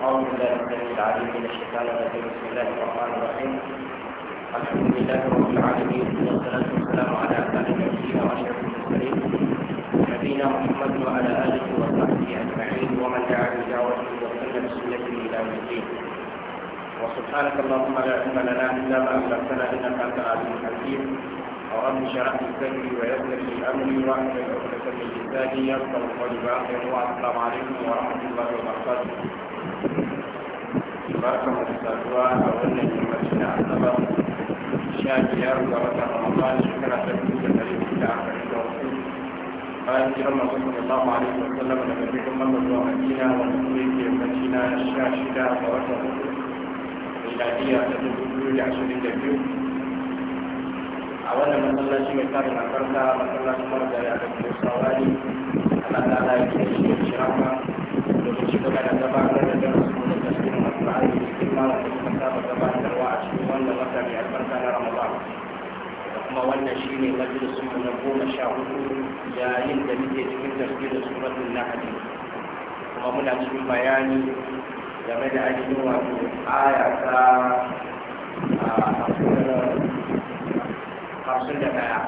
أعوذ بالله السميع العليم من الشيطان الرجيم بسم الله الرحمن الرحيم الحمد لله رب العالمين والصلاة والسلام على أسعد نبينا وأشرف المرسلين نبينا محمد وعلى آله وصحبه أجمعين ومن دعا بدعوته وسلم بسنته إلى يوم الدين وسبحانك اللهم لا علم لنا إلا ما علمتنا إنك أنت العليم الحكيم ورب اشرح لي صدري ويسر لي امري واحلل عقدة من لساني يفقهوا قولي واخر والسلام عليكم ورحمه الله وبركاته barkan mu da saduwa a wannan yammaci na asabar sha biyar ga watan ramadan shekara ta biyu da dari biyu da arba'in da wasu bayan jiran masu sallallahu alaihi wa sallama daga birnin mamba zuwa madina wanda kuma yake yammaci na sha shida ga watan hudu miladiya ta dubu biyu da ashirin da biyu a wannan masallaci mai tarin albarka masallacin mara da ya ɗauki saurari Ana ta ala ya ke shi shirama domin shi gaba da gabatar da darasin A cikin malamin da saba gabatarwa a cikin wannan wata mai albarka na ramadan kuma wannan shi ne majalisun mu na goma sha hudu yayin da muke cikin tafsirin suratul nahl kuma muna cikin bayani da aya da daya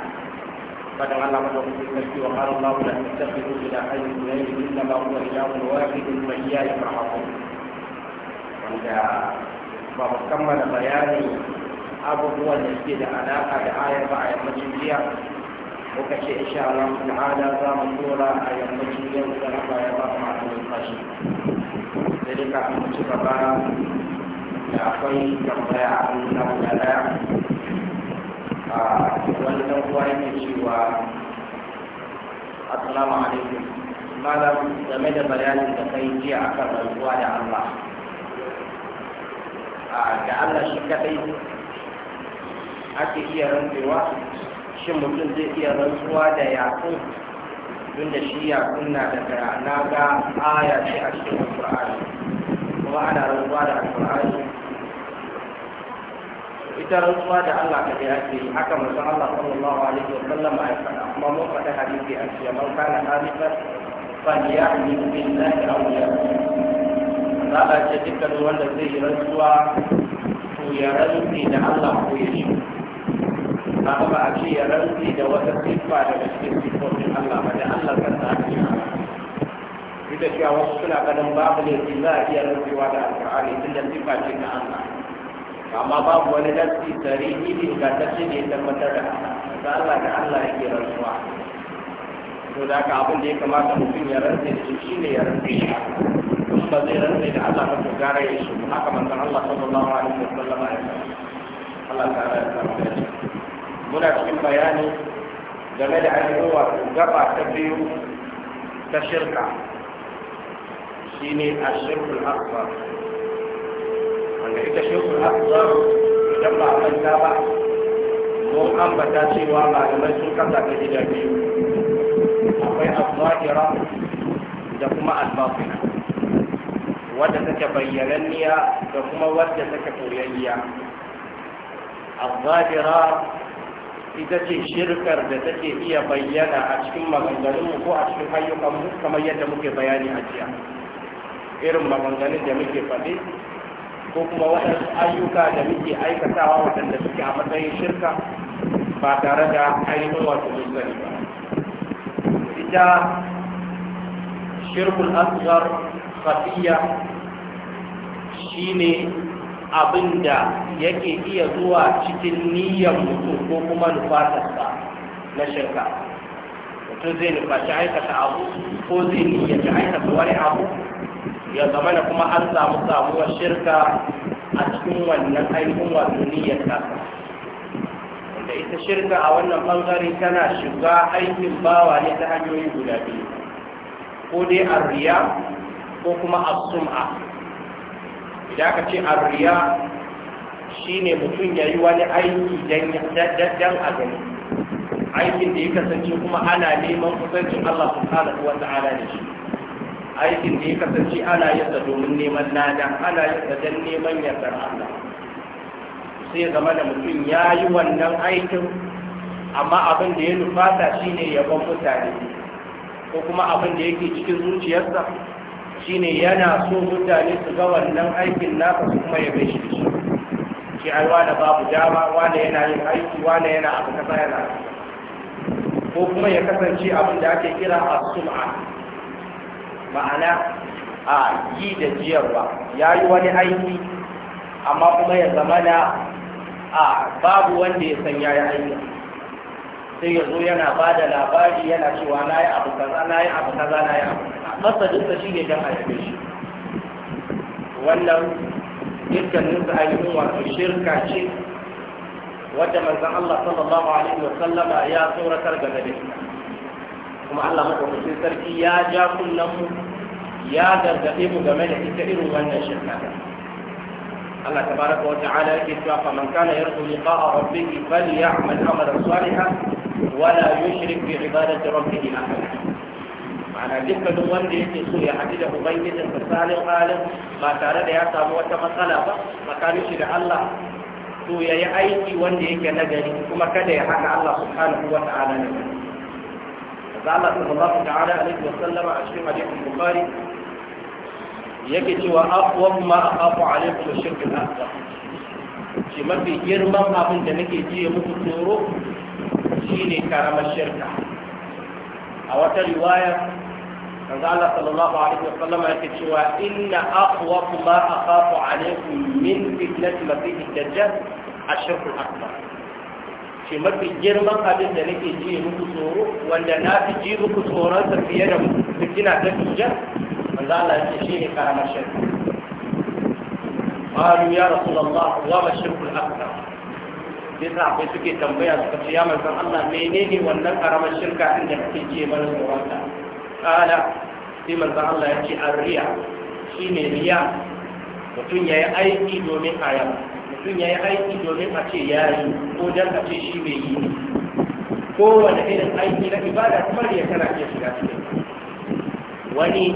فدعا الله مدعوه في المسجد وقال الله لا تتخذوا الى حي من الا ما هو اله واحد فاياي فارهبون Da ba mu kammala bayani abubuwan da suke da alaƙa da ayar ba a yammacin jiya muka ce in insha Allah ta'ala za mu tura a yammacin yau da raba ya ba mu a fashi sai duka mu ci gaba da akwai tambaya a nuna guda daya a wani dan uwa yake cewa assalamu alaikum malam game da bayanin da kai jiya akan rantsuwa da Allah ga Allah shi kadai ake iya rantsewa shin mutum zai iya rantsuwa da yaƙin tun da shi yaƙin na daga na ga aya ce a cikin alƙur'ani kuma ana rantsuwa da alƙur'ani ita rantsuwa da Allah ka da ake yi haka mutum Allah sallallahu alaihi wa sallam a faɗa kuma mun faɗa hadisi a cikin man kana halifar fa ya yi billahi awliya a ce dukkan wanda zai yi rantsuwa to ya rantsi da Allah ko ya shi na ba a ce ya rantsi da wata siffa daga cikin siffofin Allah ba da Allah kan ta ake duk da cewa wasu suna ganin babu laifi za a iya rantsuwa da alƙur'ani tun da siffa ce ta Allah amma babu wani tare ni ne ga tashi ne tabbatar da Allah da Allah da Allah yake rantsuwa to da ka abin da ya kamata mutum ya rantsi da shi ne ya rantsi ba zai rantsa da Allah ba to gara ya shi haka manzon Allah sallallahu alaihi wasallam ya Allah ta ya samu muna cikin bayani game da ayyuka gaba ta biyu ta shirka shine ashirkul akbar wanda ita shirkul akbar idan ba a manta ba mun ambata cewa malamai sun kasa ta gida biyu akwai al da kuma al-batina wadda take bayyananniya da kuma wadda take koyayya al-zahira ita ce shirkar da take iya bayyana a cikin maganganunmu ko a cikin ayyukanmu kamar yadda muke bayani a jiya irin maganganun da muke faɗi ko kuma waɗansu ayyuka da muke aikatawa waɗanda suke a matsayin shirka ba tare da ainihin wasu musulmi ba ita shirkul asgar khafiyya Shi ne abin da yake iya zuwa cikin niyyar mutum ko kuma nufatarsa na shirka mutum zai nufaci aikata abu ko zai niyyaci aikata wani abu ya zama na kuma an samu samuwar shirka a cikin wannan ainihin wato niyyar ta. wanda ita shirka a wannan bangare tana shiga aikin bawa ne ta hanyoyi guda biyu ko dai a riya ko kuma a suma idan aka ce arriya ne mutum ya yi wani aiki dan a gani aikin da ya kasance kuma ana neman kusancin Allah subhanahu wata ala da shi aikin da ya kasance ana yadda domin neman nada ana yadda don neman yardar Allah sai zama da mutum ya yi wannan aikin amma abin da ya nufata shine yabon mutane ko kuma abin da yake cikin zuciyarsa Shi ne yana so mutane su ga wannan aikin naka su kuma ya bai shi shi shi ai wane babu dama wane yana yin aiki wani yana abu ta yana ko kuma ya kasance abin da ake kira a suma ma'ana a yi da jiyarwa ya yi wani aiki amma kuma ya zama na a babu wanda ya san ya yi aiki sai ya zo yana ba da labari yana cewa na yi abu kaza na yi abu kaza na yi abu masalinsa shi ne don haife shi wannan dukkaninsa ainihin wato shirka ce wadda manzan Allah sallallahu alaihi wa sallama ya tsoratar ga gare kuma Allah madaukakin sarki ya ja kunnanmu ya gargaɗe mu game da ita irin wannan shirka Allah tabaraka wa ta'ala yake cewa fa man kana yarju liqa'a rabbih falyamal amalan salihan wala yushrik bi ibadati rabbih ahada ma'ana dukkanin wanda yake so ya haɗu da ubangijin misalin halin ba tare da ya samu wata matsala ba tsakanin shi da Allah to ya yi aiki wanda yake nagari kuma kada ya haɗa Allah subhanahu wa ta'ala ne Allah sallallahu ta'ala alaihi wa sallama a cikin hadisin Bukhari yake cewa aqwam ma a alaikum ash-shirk al-akbar shi mafi girman abin da nake ji muku tsoro shine karamar shirka a wata riwaya manzo Allah sallallahu alaihi wasallam yake cewa inna aqwa ma akhafu alaikum min fitnati masih dajjal ashirku akbar ce mafi girman abin da nake ji muku tsoro wanda na fi ji muku tsoron sa fiye da fitina ta dajjal manzo Allah yake shine karamar shirku قالوا يا رسول الله وما الشرك الأكبر sai sa akwai suke tambaya suka ce ya manzon Allah menene wannan karamar shirka inda kake ce mana tsoronta kala sai manzan Allah ya ce an riya shi ne riya mutum ya yi aiki domin a mutum ya yi aiki domin a ce ya yi ko don a ce shi bai yi kowane irin aiki na ibada kamar ya kana ke shiga cikin wani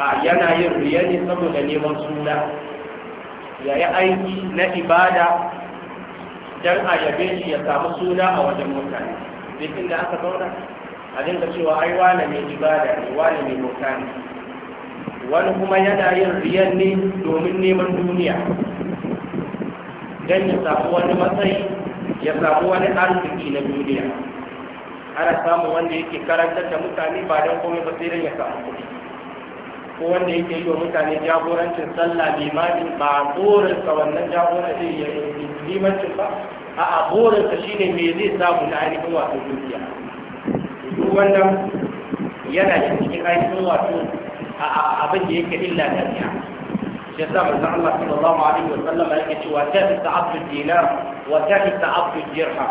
a yana yin riya ne saboda neman suna ya yi aiki na ibada don a yabe shi ya samu suna a wajen mutane duk inda aka zauna a dinga cewa ai wane mai ibada ne wane mai bauta ne wani kuma yana yin riyan ne domin neman duniya don ya samu wani matsayi ya samu wani arziki na duniya ana samun wanda yake karantar da mutane ba don komai ba sai don ya samu kuɗi ko wanda yake yi wa mutane jagorancin sallah limamin ba burinsa wannan jagorancin ya limancin ba a burinsa shine me zai samu na ainihin wato duniya duk wannan yana cikin ainihin wato abin da yake illa da niya shi yasa manzon Allah sallallahu alaihi wa sallam yake cewa tafi ta'abdu dinar wa tafi ta'abdu dirham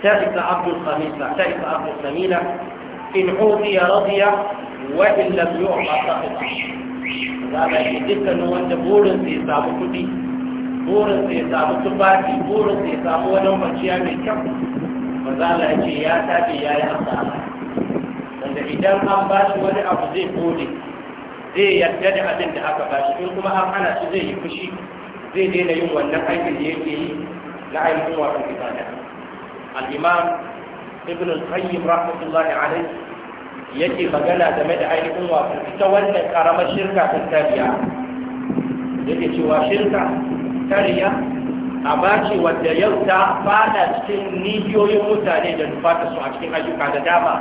tafi ta'abdu khamisa tafi ta'abdu samina in udiya radiya wa in lam yu'ta saqita zaka yi dukkanin wanda burin sai samu kudi burin sai samu tufafi burin sai samu wani kwanciya mai kyau manzala ya ce ya tafi ya yi hasara wanda idan an ba shi wani abu zai kone zai yarda da abin da aka ba shi in kuma an hana shi zai yi fushi zai daina yin wannan aikin da yake yi na ainihin wasan ibada al-imam ibn al-qayyim rahmatullahi alayhi yake magana game da ainihin wasan ita wannan karamar shirka ta tariya yake cewa shirka tariya amma ce wadda yau ta fada cikin nijiyoyin mutane da nufata su a cikin ayyuka da dama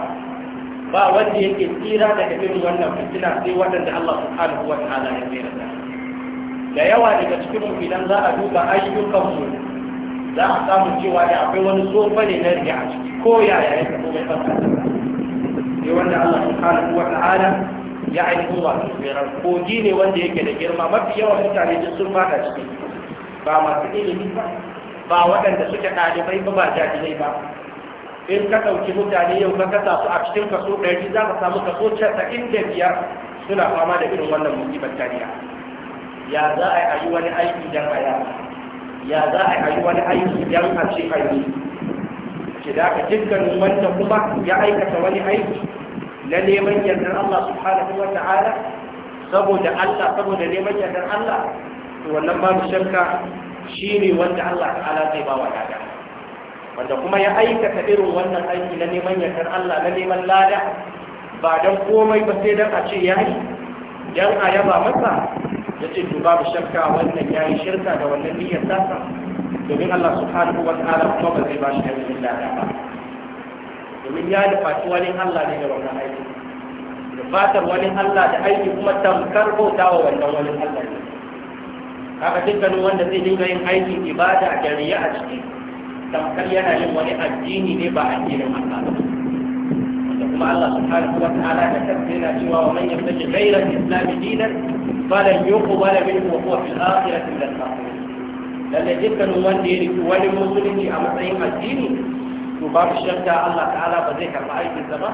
ba wanda yake tsira daga irin wannan fitina sai waɗanda Allah subhanahu wa ta'ala ya tsira da da yawa daga cikin mafidan za a duba ayyukan za a samu cewa da akwai wani tsofa ne na riya a ciki ko yaya ya tafi mai fasa sai wanda Allah kuwa ta ta'ala ya ainihin wasu tsirar kogi ne wanda yake da girma mafi yawan mutane sun fada cikin ba masu ilimi ba ba waɗanda suke ɗalibai ba ba jahilai ba in ka ɗauki mutane yau ka kasa su a cikin kaso ɗari za ka samu kaso casa'in da biyar suna fama da irin wannan musibar tariya ya za a yi wani aiki don a yara ya za a yi wani aiki don a ce a yi ke da aka jirgin wanda kuma ya aikata wani aiki na neman yardar Allah subhanahu wa ta'ala saboda Allah saboda neman yardar Allah wannan babu shakka shi ne wanda Allah ta'ala zai ba wa lada wanda kuma ya aikata irin wannan aiki na neman yardar Allah na neman lada ba don komai ba sai don a ce ya yi, don a yaba masa ya ce to babu shakka wannan ya yi shirka da wannan niyyar tasa domin Allah subhanahu wa ta'ala kuma ba zai ba shi aikin lada ba domin ya nufaci wani Allah ne da wannan aiki da nufatar wani Allah da aiki kuma tamkar bauta wa wannan wani Allah ne haka dukkanin wanda zai dinga yin aikin ibada da riya a ciki tamkar yana yin wani addini ne ba a addinin Allah ba wanda kuma Allah subhanahu wa ta'ala da kansa yana cewa wa man yabtaji ghayra al-islam dinan falan yuqbala minhu wa huwa fil akhirati min al-khasirin lalle dukkanin wanda ya riki wani musulunci a matsayin addini to ba babu shakka Allah ta'ala ba zai karɓi aikinsa ba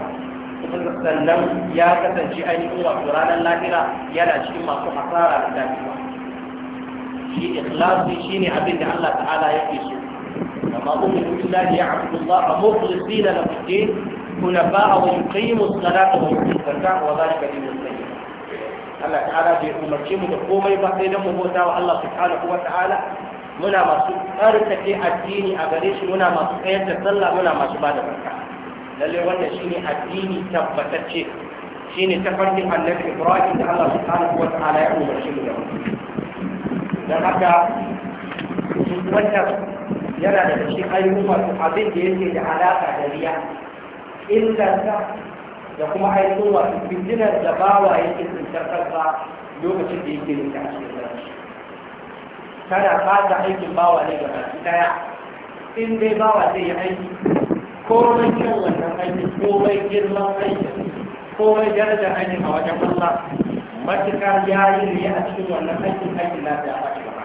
sannan ya kasance ainihin wato ranar lahira yana cikin masu hasara da dafiwa shi ikhlasi shine abin da Allah ta'ala yake so kama umiru billahi ya'budu Allah mukhlisina lahu ad-din hunafa'a wa yuqimu as-salata wa yu'tu az-zakata wa dhalika dinul qayyim Allah ta'ala bai umarci mu da komai ba sai dan mu bauta wa Allah subhanahu wa ta'ala muna masu tsarkake addini a gare shi muna masu tsayar da sallah muna masu ba da barka lalle wannan shine addini tabbatacce shine tafarkin annabi Ibrahim da Allah subhanahu wa ta'ala ya umarci mu da wannan don haka wannan yana da cikin ayyukan abin da yake da alaƙa da riya illanta da kuma aiko wasu fitinar da bawa yake tsintar kansa lokacin da yake rinka a cikin ranci tana fata aikin bawa ne ga baki daya in dai bawa zai yi aiki komai kyan wannan aiki komai girman aiki komai darajar aiki a wajen Allah matukar ya yi riya a cikin wannan aikin aikin lafiya ba shi ba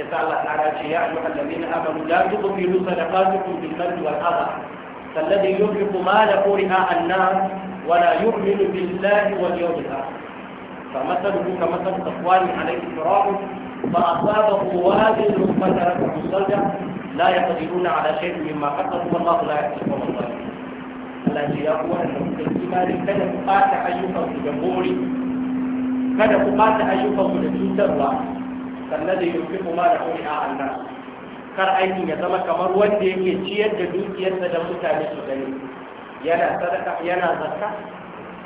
ya sa Allah ta ce ya ayyuhal ladina amanu la tubtilu sadaqatukum bil manni wal adha kalladhi yunfiqu malahu ri'a an-nas wa la yu'minu billahi wal yawmil akhir فمثله كمثل صفوان عليه تراب فأصابه وابل فتركه الصلدة لا يقدرون على شيء مما كسبوا والله لا يكسب الظالمين الذي يقوى أنه في الإيمان كان يقاتل أيها الجمهور kada ku ɓata ayyukanku da cutarwa sannan da yunfi kuma da kuri a Allah kar aikin ya zama kamar wanda yake ciyar da dukiyarsa da mutane su gani yana sadaka yana zakka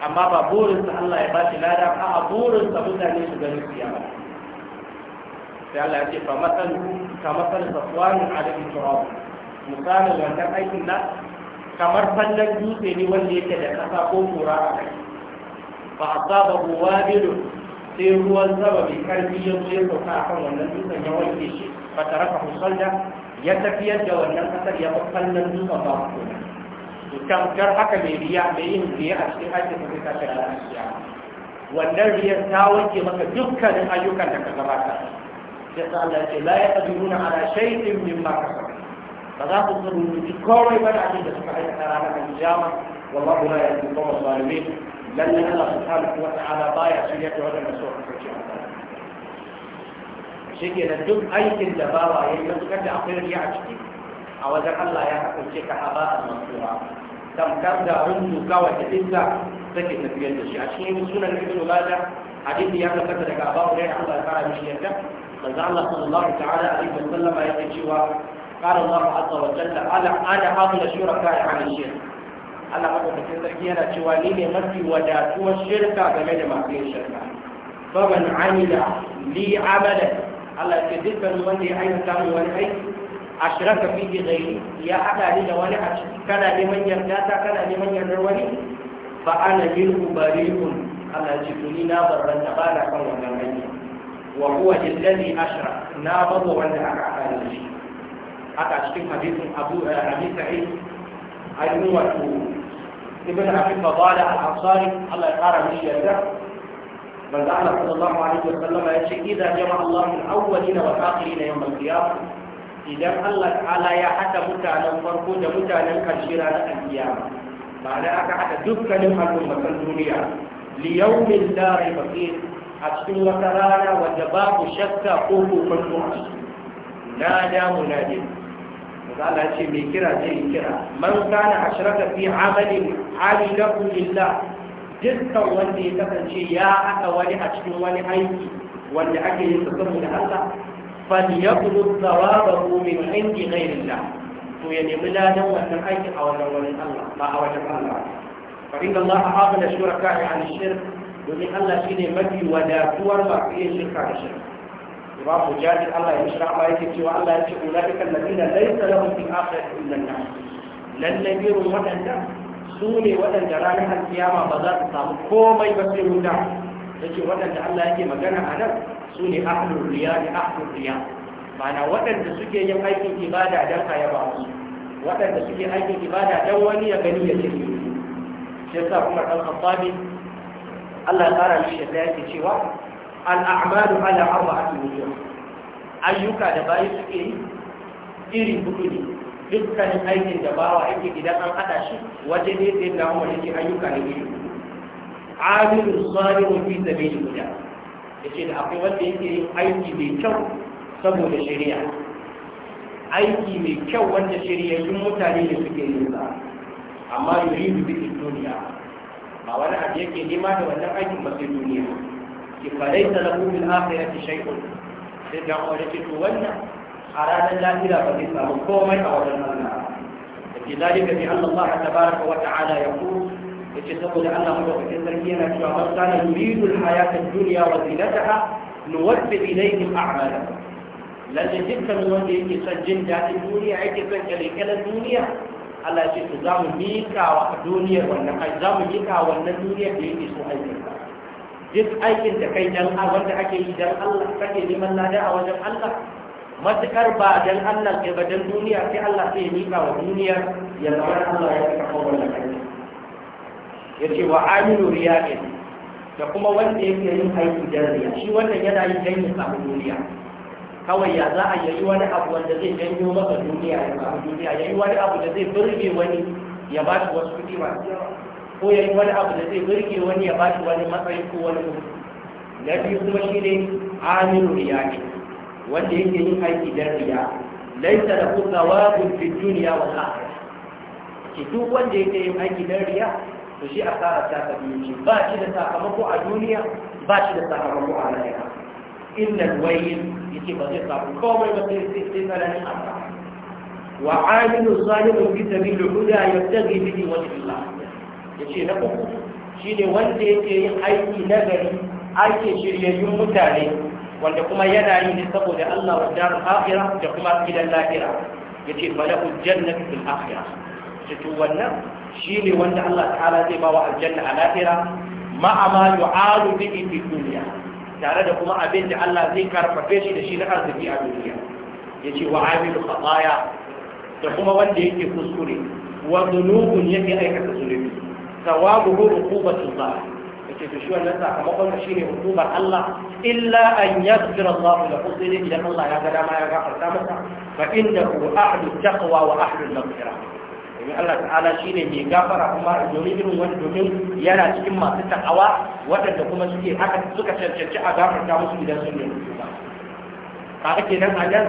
amma ba burinsa Allah ya ba shi lada ba a burinsa mutane su gani su yawa sai Allah ya ce fa matsal ka matsal safwanin alaihi turab misalin wannan aikin na kamar fallan dutse ne wanda yake da kasa ko kura a kai fa asaba wabilun sai ruwan sama mai karfi ya zo ya sauka a kan wannan dutsen ya wanke shi ba tare da musalda ya tafiyar da wannan kasar ya fi kallon dutsen ba ko to tamkar haka mai riya mai yin riya a cikin aikin da ta tashi da asiya wannan riyar ta wanke maka dukkanin ayyukan da ka gabata sai sa Allah ya ce la yaqdiruna ala shay'in mimma kasabu ba za ku tsaro komai ba da abin da suka aikata ranar kiyama wallahu la yaqdiru qawmal zalimin لأن الله سبحانه وتعالى ضايع في اليد هذا المسوح الحجي شكي لدب أي كنت بابا يجب يعني أن تعطي لي عشكي أولا الله يحكم شكا حباء المنصورة تم كبدا عنده كوة إلا فكت في اليد الشيء عشكي يمسونا لكي نبادا حديث يحكم كتر كعباء ليه الله تعالى مش يجب فزع الله صلى الله تعالى عليه وسلم يقول قال الله عز وجل أنا أنا حاضر شركاء عن الشيخ Allah madaukakin sarki yana cewa ni ne mafi wadatuwar shirka game da masu yin shirka Baban amila li amala Allah ce dukkan wanda ya aikata mu wani aiki ashraka fi ghairi ya hada ni da wani a ciki kana neman yarda ta kana neman yardar wani fa ana minhu bari'un Allah ce to ni na barranta ba na kan wannan aiki wa huwa alladhi ashrak na babu wanda aka hada shi haka cikin hadisin Abu eh, Abi Sa'id ainihin wato ibn abi fadala al-ansari Allah ya kara mishi yarda manzo Allah sallallahu alaihi wa sallam ya ce idan jama'a Allah al-awwalin wal akhirin yawm al-qiyamah idan Allah ta'ala ya hada mutanen farko da mutanen karshe ranar al-qiyama ma'ana aka hada dukkanin al'ummatan duniya li yawmin la rayba fihi a cikin wata rana wadda babu shakka ko kokon tuwa na damu na dai Allah ce mai kira zai kira man kana ashraka fi amalin da lillah dukkan wanda ya kasance ya haɗa wani a cikin wani aiki wanda ake yin sa saboda Allah falyaqulu thawabahu min indi ghayrillah to ya nemi ladan wannan aikin a wannan wani Allah ba a wajen Allah fa inna Allah a'abada shuraka an shirk domin Allah shine mafi wadatuwar masu yin shirka da shirka Ba imam jaji Allah ya shira ma yake cewa Allah ya ce ulaika alladina laysa lahum fil akhirati illa an-nar lalle biru wadanda su ne wadanda ranar alkiyama ba za su samu komai ba sai wuta yace wadanda Allah yake magana a nan su ne ahlul riya ne ahlul riya ma'ana wadanda suke yin aikin ibada dan kaya ba su wadanda suke aikin ibada dan wani ya gani ya ce shi yasa kuma dan khattabi Allah ya kara mishi da yake cewa al'amalu ala arba'ati wujuh ayyuka da bayi suke yi iri hudu ne dukkanin aikin da bawa aiki idan an hada shi waje ne zai da wani ke ayyuka ne iri tsari salihu fi sabilillah guda da akwai wanda yake yin aiki mai kyau saboda shari'a aiki mai kyau wanda shari'ayyun mutane ne suke yin ba. amma yuri bi duniya ba wani abu yake nema da wannan aikin masu duniya ki falaita lahu bil akhirati shay'un sai dan wani ki to wannan a ranar lahira ba zai komai a wajen Allah yake zalika bi anna Allah tabaraka wa ta'ala yaqul yace saboda Allah madaukakin sarki yana cewa man kana yuridu al hayata ad dunya wa zinataha nuwaddi ilayhim a'malahum lalle dukkan wanda yake son jin duniya son duniya Allah ce za mu miƙa wannan za mu da duk aikin da kai dan wanda ake yi dan Allah kake neman lada a wajen Allah matukar ba dan Allah ke ba dan duniya sai Allah sai ya mika wa duniya ya zama Allah ya saka wannan kai yace wa amilu riya'in da kuma wanda yake yin aiki dan riya shi wannan yana yin dan ya duniya kawai ya za a yayi wani abu wanda zai janyo maka duniya ya ba duniya yayi wani abu da zai burge wani ya ba shi wasu kuɗi masu yawa ko ya yi wani abu da zai birge wani ya bashi wani matsayi ko wani mutu na biyu kuma shi ne aminu riya ne wanda yake yin aiki don riya laisa da ku tsawabin fi duniya wa ki duk wanda yake yin aiki don riya to shi asara ta ta biyu ce ba shi da sakamako a duniya ba shi da sakamako a lahira illal wayin yake ba zai samu komai ba sai sai tsananin asara wa aminu salimun bi sabilil huda yabtaghi bihi wajh Allah yace na uku ne wanda yake yin aiki nagari ake shiryayyun mutane wanda kuma yana yi ne saboda Allah wa darul akhirah da kuma gidan lahira yace falahu jannatu fil akhirah to wannan shi ne wanda Allah ta'ala zai ba wa aljanna a lahira ma'a ma yu'alu bihi fi dunya tare da kuma abin da Allah zai karfafe shi da shi na arziki a duniya yace wa amilu khataya da kuma wanda yake kuskure wa dhunubun yake aikata zunubi thawabuhu uqubatullah yake to shi wannan sakamakon shi ne hukumar Allah illa an yaghfira Allah lahu sai idan Allah ya ga dama ya gafarta masa fa innahu ahlu wa Allah ta'ala shine mai gafara kuma domin irin wani domin yana cikin masu taawa waɗanda kuma suke haka suka cancanci a gafarta musu idan sun yi Ba ake nan a nan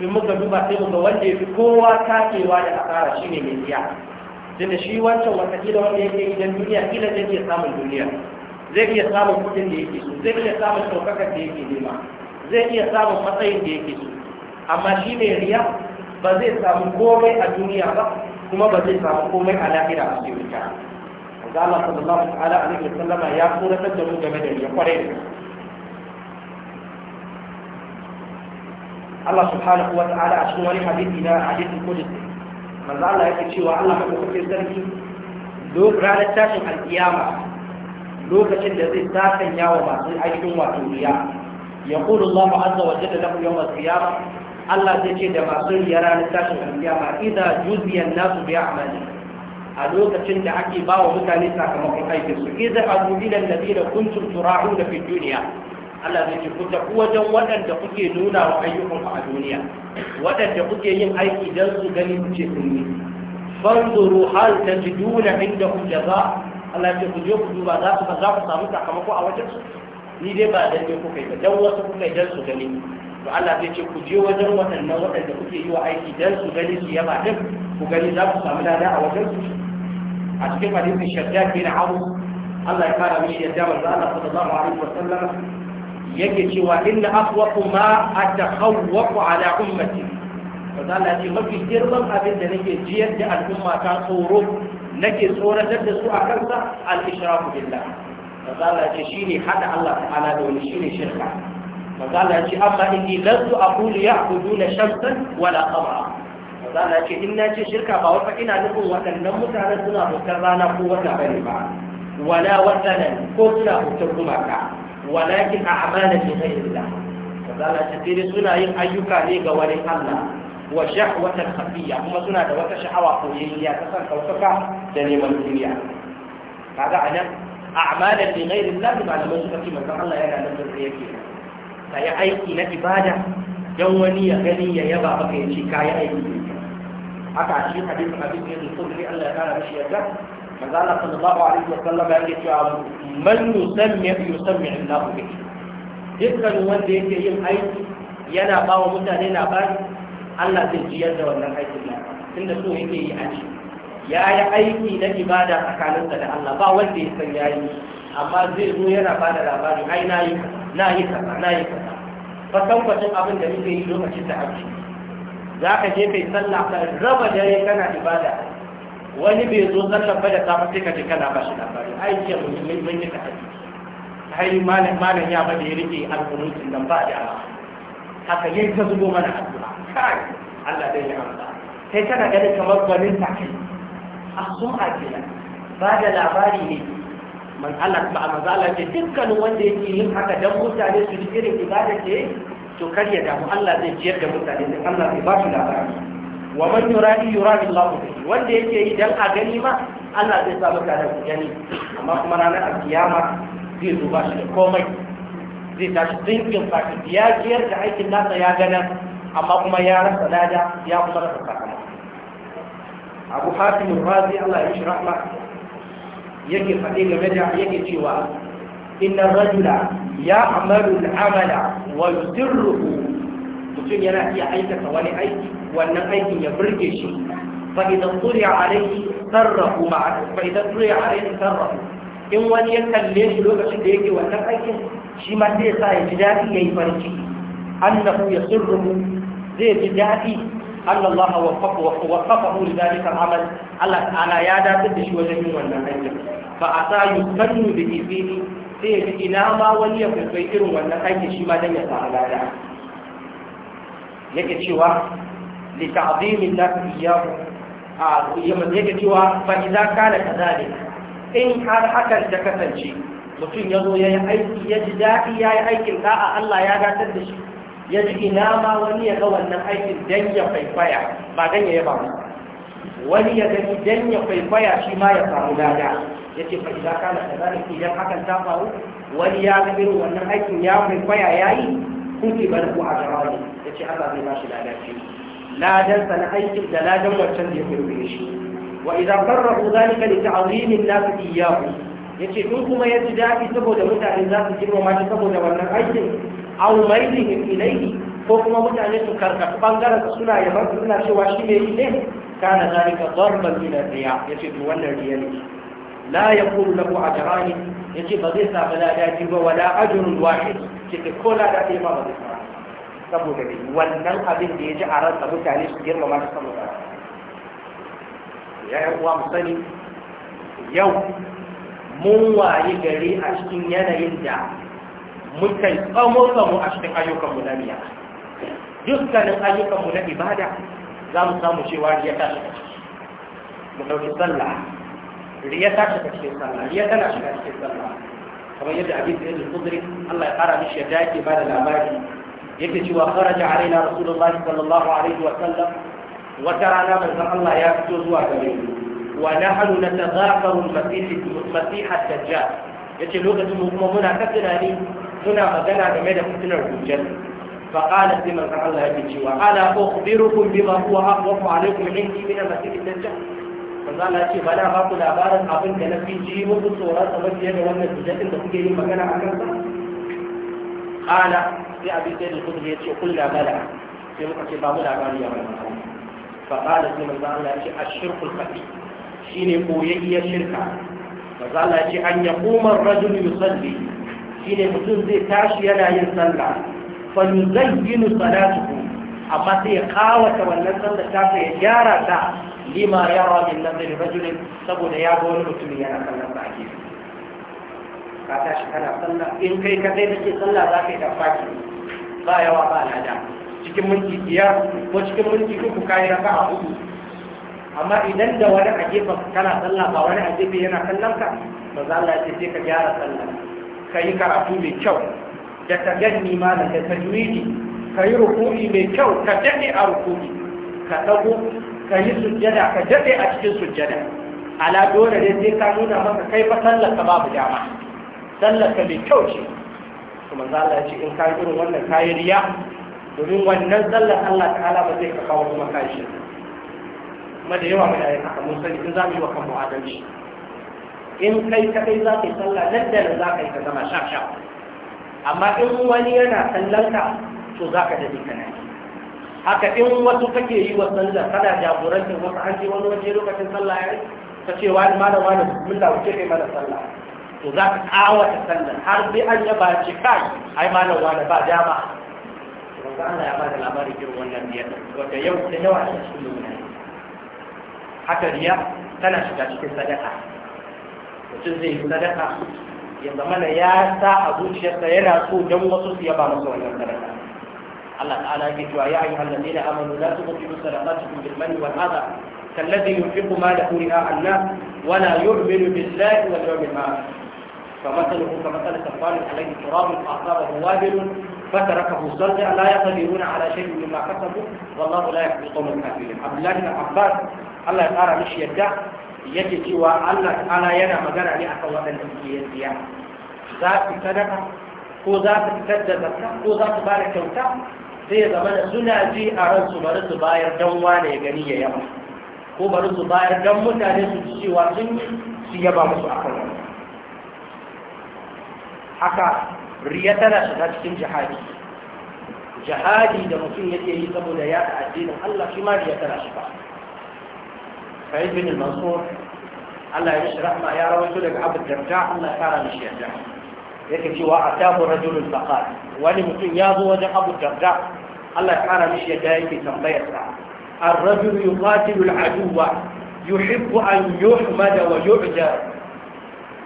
in muka duba sai muka wanda ya fi kowa takewa da asara shine mai tsiya tunda shi wancan watakila wanda yake yi don duniya kila zai iya samun duniya zai iya samun kudin da yake su zai iya samun ɗaukakar da yake nema zai iya samun matsayin da yake su amma shi mai riya ba zai samu komai a duniya ba kuma ba zai samu komai a lahira a cikin ta da Allah sallallahu alaihi wa sallama ya tsoratar da mu game da riya kwarai Allah subhanahu wa ta'ala a cikin wani hadisi na hadisi kudus manzo Allah yake cewa Allah ka kuke sarki ranar tashin alkiyama lokacin da zai sakanya yawa masu aikin wato riya ya kudu Allah azza wa jalla lahu yawm al-qiyama Allah zai ce da masu riya ranar tashin alkiyama idza juziya an-nasu bi a'mali a lokacin da ake bawa mutane sakamakon aikin su idza abudila alladhina kuntum tura'una fi dunya Allah zai ce ku tafi wajen waɗanda kuke nuna wa ayyukan a duniya waɗanda kuke yin aiki don su gani ku ce kun yi fanzuru hal tajiduna indahum jaza Allah ce ku je ku duba za su za ku samu sakamako a wajen su ni dai ba dan ne kuka yi ba dan wasu kuka yi dan su gani to Allah zai ce ku je wajen waɗannan waɗanda kuke yi wa aiki dan su gani su yaba din ku gani za ku samu lada a wajen su a cikin hadisin shaddad bin abu Allah ya fara mishi yadda manzo Allah sallallahu alaihi wasallam yake cewa inna afwaqu ma atakhawwaqu ala ummati wanda Allah ce mafi girman abin da nake jiyar da al'umma ta tsoro nake tsoratar da su a kansa al-ishraku billah wanda Allah ce shine hada Allah ta'ala da wani shine shirka wanda Allah ce amma inni lastu aqulu ya'buduna shamsan wala qamara wanda Allah ce in nace shirka ba wata ina nufin waɗannan mutanen suna bautar rana ko wata bane ba wala watanan ko suna bautar gumaka walakin a amana a'malan li ghayrillah kazala tafsiri suna yin ayyuka ne ga wani Allah wa shahwatan khafiyya kuma suna da wata sha'awa koyayya ta san kautaka da neman duniya kaga anan a'malan li da malaman suka ce manzon Allah yana nan da yake kai aiki na ibada don wani ya gani ya yaba maka ya ce kai aiki haka shi hadisin abin da yake so Allah ya kara mishi yadda Maza na manzo Allah sallallahu alaihi wasallam yake cewa man yusammi yusammi Allah bihi dukkan wanda yake yin aiki yana ba wa mutane labari Allah zai jiyar da wannan aikin nan tunda so yake yi aiki. ya yi aiki na ibada tsakaninsa da Allah ba wanda ya san ya yayi amma zai zo yana ba da labari ai na yi na yi kaza na yi kaza fasan kwacin abin da muke yi lokacin da aiki. za ka je kai sallah ka raba dare kana ibada wani bai zo sallan ba da safe sai ka ji kana ba shi labari ai ce musulmai mun yi kasafi ai malam malam ya ba da ya rike alƙunutin nan ba da alama haka yayi ta zubo mana addu'a kai Allah dai ya amsa kai kana ganin kamar gwanin take a sum'a kenan ba da labari ne man Allah ba manzo Allah ce Dukkanin wanda yake yin haka dan mutane su ji irin ibada ce to kar ya damu Allah zai ciyar da mutane dan Allah zai ba su labari wa man yuradi yuradi Allah wanda yake yi dan a gani ma Allah zai sa maka da gani amma kuma ranar alkiyama zai zo ba shi da komai zai tashi tsinkin fashi ya jiyar da aikin nasa ya gana amma kuma ya rasa lada ya kuma rasa sakamako abu hatim razi Allah ya shi rahma yake faɗi game da yake cewa inna rajula ya amalu al'amala wa yusirruhu mutum yana iya aikata wani aiki wannan aikin ya burge shi fa idan turi alaihi sarrafu ma'a fa idan turi alaihi sarrafu in wani ya kalle shi lokacin da yake wannan aikin shi ma zai sa ya ji daɗi ya yi farin ciki annahu ya sirruhu zai ji daɗi Allah Allah wa kafahu li dalika al-amal Allah ta'ala ya dace da shi wajen yin wannan aikin fa asa yusannu da izini sai ya ji ina ma wani ya kai irin wannan aikin shi ma dan ya samu lada yake cewa لتعظيم الله إياه يمن يجدوا فإذا كان كذلك إن حال حكا تكفن شيء mutum ya zo ya yi aiki ya ji daɗi ya yi aikin da'a Allah ya gatar da shi ya ji ina ma wani ya ga wannan aikin dan ya faifaya ba dan ya yaba mu wani ya gani dan ya faifaya shi ma ya samu dada. ya ce fa idan kana kazalika idan hakan ta faru wani ya ga irin wannan aikin ya faifaya ya yi kuke bari ko a jarawa ne ya ce Allah zai ba shi lada shi ladan na aikin da ladan wancan da ya firbe shi wa idan qarrabu zalika li ta'zimi an-nas iyyahu yace in kuma ya ji dadi saboda mutane za su girmama shi saboda wannan aikin aw mailihim ilayhi ko kuma mutane su karkatu bangaren suna yaban suna cewa shi mai ne kana zalika darban min ar-riya yace to wannan riya ne la yakunu lahu ajrani yace ba zai samu ba wala ajrun wahid kike ko ladaji ma ba zai sa. saboda mai wannan abin da ya ji a ransa mutane su girmama shi saboda ya yan uwa mu sani yau mun wayi gari a cikin yanayin da mukan tsamo-tsamo a cikin ayyukanmu na miya dukkanin ayyukanmu na ibada za mu samu cewa ya ta shiga ciki mu ɗauki sallah riya ta shiga cikin sallah riya tana shiga cikin sallah kamar yadda abin da ya kudiri Allah ya fara mishi ya dace ba da labari يكي شوى علينا رسول الله صلى الله عليه وسلم وترانا من ذا الله يكتوز وكبير ونحن نتذاكر المسيح المسيح الدجال يكي لغة مضمونا كثيرا لي هنا مدنا بميدا كثيرا الدجال فقالت لمن ذا الله يكي وقال أخبركم بما هو أقوف عليكم عندي من المسيح الدجال فقال لك بلا غاب الأبارة أبنك نفي جيمة صورات أبنك يجب أن تجسد وكيف يمكن أن qala sai abi sai da kudi yace kullu bala sai muka ce babu labari ya mana fa qala sai manzo Allah yace shine koyayyar shirka manzo Allah an yaquma ar-rajul yusalli shine mutum zai tashi yana yin sallah fa yuzayyinu salatuhu amma sai ya kawata wannan sallar ta ya gyara ta lima yara min nazari rajulin saboda ya ga wani mutum yana kallon ba ka tashi kana sallah in kai ka kadai nake sallah za ka yi tafaki ba yawa ba lada cikin minti biyar ko cikin minti uku kayi raka a hudu amma idan da wani a gefen kana sallah ba wani a gefe yana kallon ka ba za Allah ce sai ka gyara sallah ka yi karatu mai kyau da ta ganni ma da ka tajwidi ka yi rukuni mai kyau ka daɗe a rukuni ka ɗago ka yi sujjada ka daɗe a cikin sujjada ala dole ne sai ka nuna maka kai fa sallar ka babu dama sallaka mai kyau ce su manzala ya ce in kai irin wannan kayi riya domin wannan sallar Allah ta ba zai kawo kuma kashi kuma da yawa mai ayyuka kamar sani in za mu yi wa kanmu adalci in kai kadai za ka yi sallah nan da nan za ka yi ka zama sha sha amma in wani yana sallar ka to za ka ka kana haka in wasu kake yi wa sallar kana jagorantar wasu an ce wani waje lokacin sallar ya ka ce wani malam wani bismillah wuce kai mana sallah to za ka kawata sannan har sai an yaba ce kai ai malam wani ba dama wanda Allah ya bada labarin irin wannan biyar wanda yau da yawa a cikin lumina haka riya tana shiga cikin sadaka mutum zai yi sadaka ya zama na ya sa a zuciyarsa yana so don wasu su yaba masa wannan sadaka Allah ta'ala ke cewa ya ayyuhal ladina amanu la tubtilu sadaqatukum bil manni wal adha كالذي ينفق ماله رئاء الناس ولا يؤمن بالله واليوم الآخر فمثله كمثل صفان عليه تراب فأصابه وابل فتركه صلدا لا يقدرون على شيء مما كسبوا والله لا يهدي القوم الكافرين عبد الله بن عباس الله يقرا مش يدع yake cewa Allah ta'ala yana magana ne akan waɗanda suke yin riya za su sadaka ko za su fitar ko za su bada kyauta sai ya zama da suna ji a ransu bari su bayar dan wane gani ya yaba ko bari su bayar dan mutane su ji cewa su yaba musu haka riya tana shiga cikin jihadi jihadi da mutum yake yi saboda ya ta addinin Allah shi ma riya tana shiga Sa'id bin Mansur Allah ya mishi rahma ya rawaito daga Abu Darda Allah ya fara mishi yarda yake cewa atahu rajulun faqat wani mutum ya zo wajen Abu Darda Allah ya fara mishi yarda yake tambayar sa الرجل يقاتل العدو يحب أن يحمد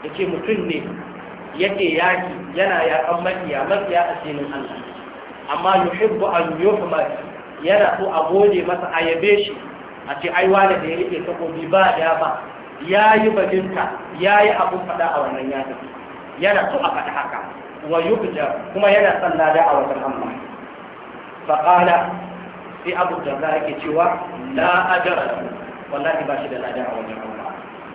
yake mutum متني yake yaki yana yakan makiya makiya a cikin Allah amma yuhibbu an yuhmad yana so a gode masa a yabe shi a ce ai wani da ya rike takobi ba da ba ya bajinta a wannan yana so a haka wa kuma yana san lada a wajen amma faƙala sai abu da za yake cewa la ajara wallahi ba shi da lada a wajen Allah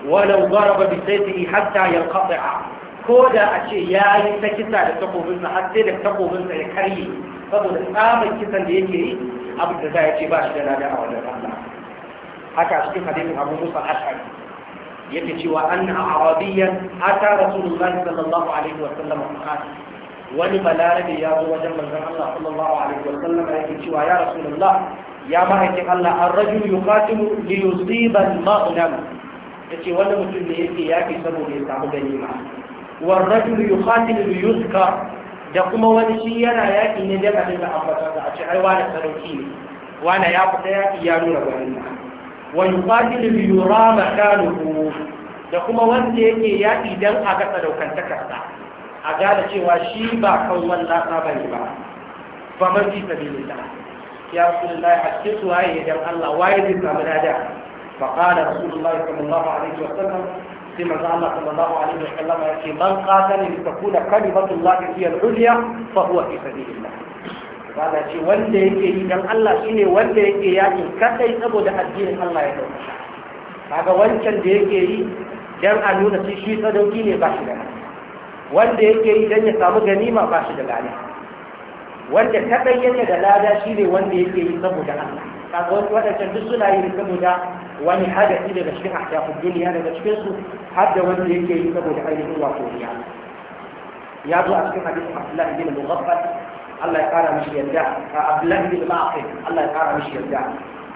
walau garaba bi sayfihi hatta yanqati'a ko da a ce ya yi ta kisa da takobinsa har sai da takobinsa ya karye saboda samun kisan da yake yi abin da za ya ce ba shi da lada a wajen Allah haka cikin hadisin Abu Musa Ash'ari yake cewa anna arabiyyan ata rasulullah sallallahu alaihi wa sallam wani balarabe ya zo wajen manzon Allah sallallahu alaihi wa sallam yake cewa ya rasulullah ya mahaifin Allah ar-rajul yuqatilu li yusiba al-maghnam yace wani mutum ne yake yaki saboda ya samu ganima والرجل يقاتل ليذكر da kuma wani shi yana yaƙi ne da abin da ambatarsa a ce ai wani sarauki ne wani ya fita yaƙi ya nuna gwanin ka wa yuqatilu bi yurama da kuma wanda yake yaƙi don a ga sadaukantakarsa a gane cewa shi ba kan wannan ba ne ba fa man fi sabilillah ya rasulullahi hakke su waye dan Allah waye zai samu nada fa qala rasulullahi sallallahu alaihi wa sallam sai manzo Allah sallallahu alaihi wa sallama ya ce man qatala li takuna kalimatullahi hiya al-ulya fa huwa fi sabilillah wanda ce wanda yake yi dan Allah shine wanda yake yaki kadai saboda addinin Allah ya dauka kaga wancan da yake yi dan a nuna shi shi sadauki ne ba shi da wanda yake yi dan ya samu ganima ba shi da lada wanda kadai yake da lada shine wanda yake yi saboda Allah kaga wasu waɗancan duk suna yi saboda wani hadasi daga cikin ahyafin duniya daga cikinsu har da wanda yake yi saboda ainihin wato riya ya zo a cikin hadisin abdullahi bin mughaffal Allah ya kara mishi yarda abdullahi bin ma'aqil Allah ya kara mishi yarda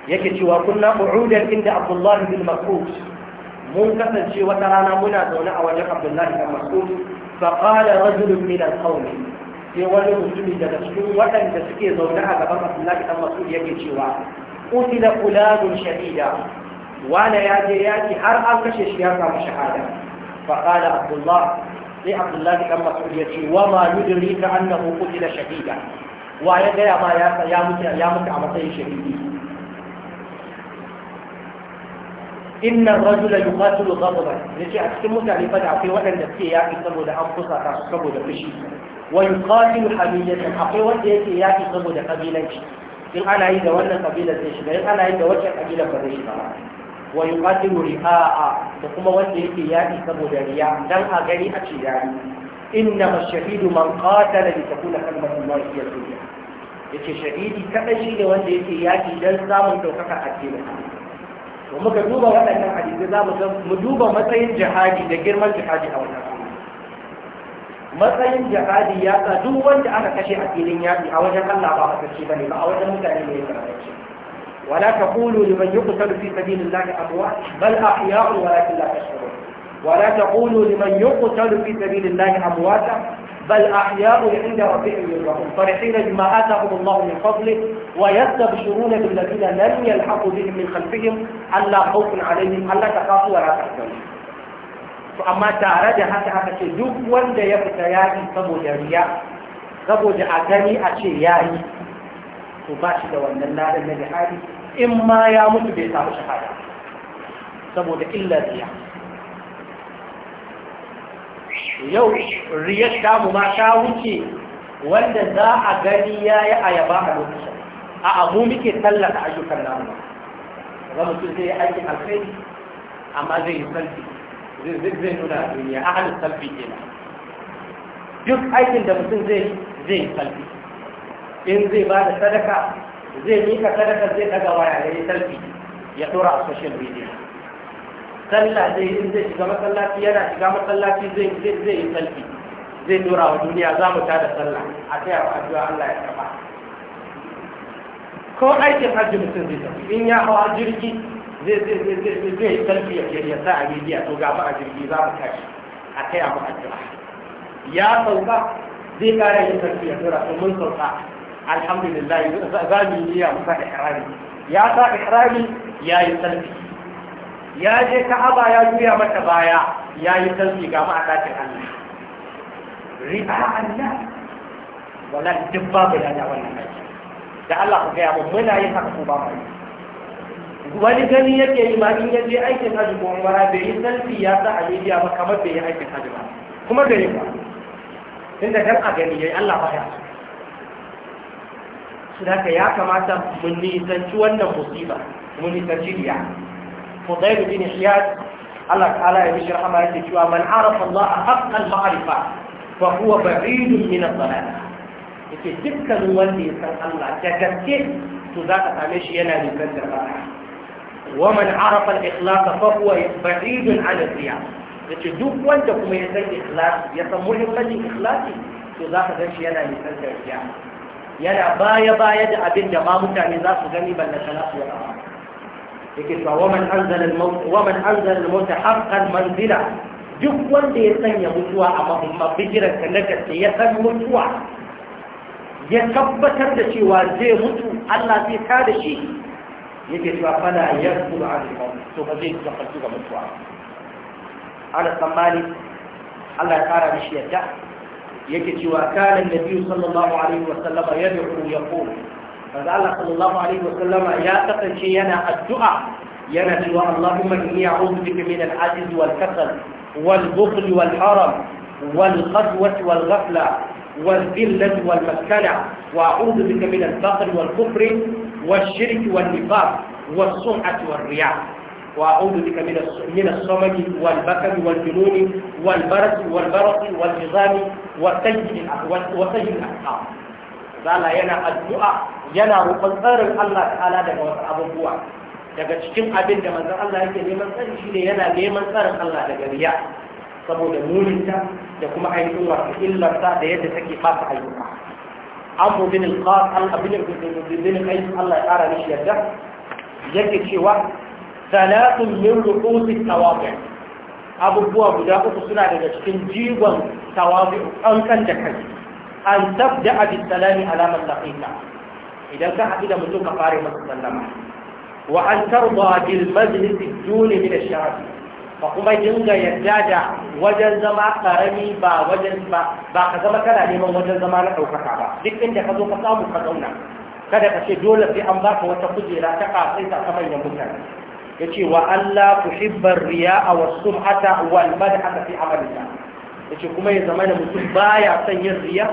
yake cewa kunna qu'udan inda abdullahi bin mas'ud mun kasance wata rana muna zaune a wajen abdullahi bin mas'ud fa qala rajulun min al-qawm sai wani mutumi daga cikin waɗanda suke zaune a gaban abdullahi dan masu yake cewa qutila fulanun shahida wala ya je yaki har an kashe shi ya samu shahada fa qala abdullah sai abdullahi dan masu ya ce wa ma yudrika annahu qutila shahida wa ya ga ya ma ya ya mutu a matsayin shahidi innan rajula yuqatilu ghadaban yace a cikin mutane fa da akwai waɗanda suke yaƙi saboda an fusata su saboda fushi wa yuqatilu hamiyatan akwai wanda yake yaƙi saboda kabilanci in ana yi da wannan kabilar zai shiga in ana yi da wacce kabilar ba zai shiga ba wa yuqatilu ri'a'a da kuma wanda yake yaƙi saboda riya dan a gani a ce Inna innama shahidu man qatala li takuna kalmatullahi hiya al-ulya yace shahidi kadai shi ne wanda yake yaƙi dan samun daukaka a cikin to muka duba waɗannan hadisi za mu san mu duba matsayin jihadi da girman jihadi a wannan matsayin jihadi ya sa duk wanda aka kashe a filin yaƙi a wajen Allah ba kasance bane ba a wajen mutane ne ya karance wala taqulu liman yuqtalu fi sabilillahi amwat bal ahya'u walakin la tashkurun ولا تقولوا لمن يقتل في سبيل الله أمواتا بل أحياء عند ربهم يرزقون فرحين بما آتاهم الله من فضله ويستبشرون بالذين لم يلحقوا بهم من خلفهم ألا خوف عليهم ألا تخافوا ولا تحزنوا amma tare da haka aka ce duk wanda ya fita yaƙi saboda riya saboda a gani a ce yayi to ba shi da wannan ladan na jihadi in ma ya mutu bai samu shahada saboda illar riya yau riyar shamu ma ta wuce wanda za a gani ya yi ayaba a lokacin a abu muke tallata ayyukan namu ga mutum zai yi aikin alkhairi amma zai yi salfi zai nuna a duniya a halin salfi kenan duk aikin da mutum zai zai yi salfi in zai ba da sadaka zai mika sadaka zai daga waya da ya salfi ya tura a social media sallah zai yi zai shiga masallaci yana shiga masallaci zai zai yi salki zai dora wa duniya za mu tada sallah a taya a addu'a Allah ya karba ko aikin hajji mutum zai tafi in ya hawa jirgi zai zai zai zai zai yi salki ya sa a bidiya to ga ba a jirgi za mu tashi a ba a addu'a ya sauka zai kara yin salki ya dora to mun sauka alhamdulillah za mu yi ya musa ihrami ya sa ihrami ya yi salki ya je ka'aba ya juya mata baya ya yi tasbi ga ma a ɗakin Allah ri'a Allah wala duk babu ya da wannan aiki da Allah ku gaya mu muna yin haka ko ba mu wani gani yake yi ma in ya je aikin hajji ko wara bai yi tasbi ya sa a media ba kamar bai yi aikin hajji ba kuma bai yi ba tunda dan a gani yayi Allah ba ya su da ya kamata mun nisanci wannan musiba mun nisanci riya fudayl bin iyad Allah ta'ala ya mishi rahama yake cewa man arafa Allah haqqa al-ma'rifa fa huwa ba'id min ad-dalal yake dukkan wanda ya san Allah da gaske to zaka same shi yana nisan da wa man arafa al-ikhlas fa huwa ba'id 'an al-riya yace duk wanda kuma ya san ikhlas ya san muhimmancin ikhlasi shi yana nisan yana baya baya da abinda ma mutane za su gani balla yake cewa waman anzala al-maut waman anzala maut haqqan manzila duk wanda ya sanya mutuwa a mabigiran ka na gaske ya san mutuwa ya tabbatar da cewa zai mutu Allah zai ka da shi yake cewa fala yakulu an al-maut to ba zai tabbatu ga mutuwa ana tsammani Allah ya kara mishi yadda yake cewa kana annabi sallallahu alaihi wa sallama ya yaqulu فقال صلى الله عليه وسلم يا تقشينا الدعاء ينجي اللهم إني أعوذ بك من العجز والكسل والبخل والحرم والقدوة والغفلة والذلة والمسكنة وأعوذ بك من الفقر والكفر والشرك والنفاق والسمعة والرياء وأعوذ بك من من الصمد والبكم والجنون والبرد والبرق والنظام وسيء الأحوال وسيء الأحوال zala yana addu'a yana roƙon tsarin Allah ta'ala daga wasu abubuwa daga cikin abin da manzon Allah yake neman tsari shi ne yana neman tsarin Allah daga riya saboda muninta da kuma ainihin wasu illarsa da yadda take fasa ayyuka abu bin al al-abin bin Allah ya ƙara mishi yadda yake cewa salatun min ruqusi tawabi abubuwa guda uku suna daga cikin jigon tawabi an kan da kai an tabda a bisalami alamar laƙiƙa idan ka haɗu da mutum ka fara masa sallama wa an tarba bil majlisi dole min da sharafi Ba kuma dinga yadda da wajen zama karami ba wajen ba ba ka zama kana neman wajen zama na ɗaukaka ba duk inda ka zo ka samu ka zauna kada ka ce dole sai an baka wata kujera ta kafai ta manyan mutane yace wa Allah riya riya'a was sum'ata wal madha fi amalika Da yace kuma ya zama da mutum baya son yin riya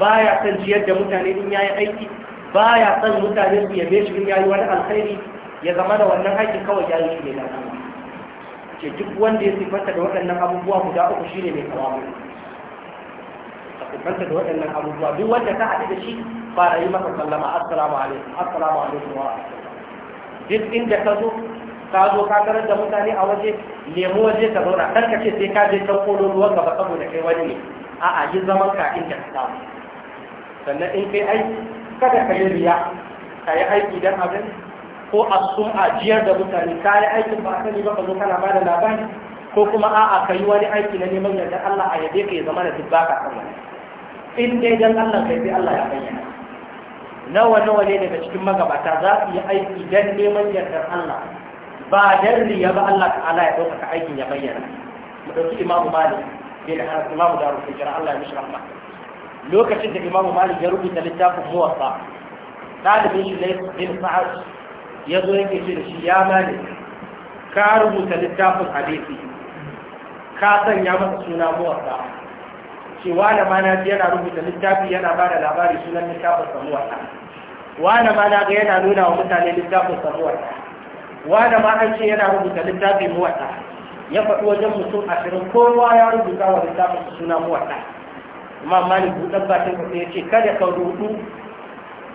baya son ciyar da mutane in yayi aiki baya son mutane su yabe shi in yayi wani alkhairi ya zama da wannan aikin kawai yayi shi ne da ce duk wanda ya sifanta da waɗannan abubuwa guda uku shine mai kawamu a sifanta da waɗannan abubuwa duk wanda ta haɗu da shi ba a yi masa sallama assalamu alaikum assalamu alaikum wa duk inda ka zo ka zo ka karar da mutane a waje nemo waje ka zauna kar ka ce sai ka je kan kolo ruwan gaba saboda kai wani ne a'a yi zaman ka inda ka samu sannan in kai aiki kada ka yi riya ka yi aiki don abin ko a sun ajiyar da mutane ka yi aikin ba sani ba ka zo kana ba da labari ko kuma a'a ka yi wani aiki na neman yadda Allah a yabe ka ya zama da duk ka kan in dai dan Allah kai sai Allah ya bayyana nawa nawa ne daga cikin magabata za su yi aiki don neman yardar Allah ba dan riya ba Allah ta'ala ya ɗaukaka aikin ya bayyana mu ɗauki imamu malik da anas imamu darul jira Allah ya mishi rahma lokacin da imamu malik ya rubuta littafin muwatta ɗalibin shi ne bin sa'ad ya zo yake ce da shi ya malik ka rubuta littafin hadisi ka sanya masa suna muwatta shi da ma na ji yana rubuta littafi yana ba da labari sunan littafin samuwarta wani ma na ga yana nuna wa mutane littafin ta? wanda ma an ce yana rubuta littafin muwaɗa ya faɗi wajen mutum ashirin kowa ya rubuta wa littafin suna muwaɗa amma malik buɗan bakin kuɗi ya ce kada ka rubu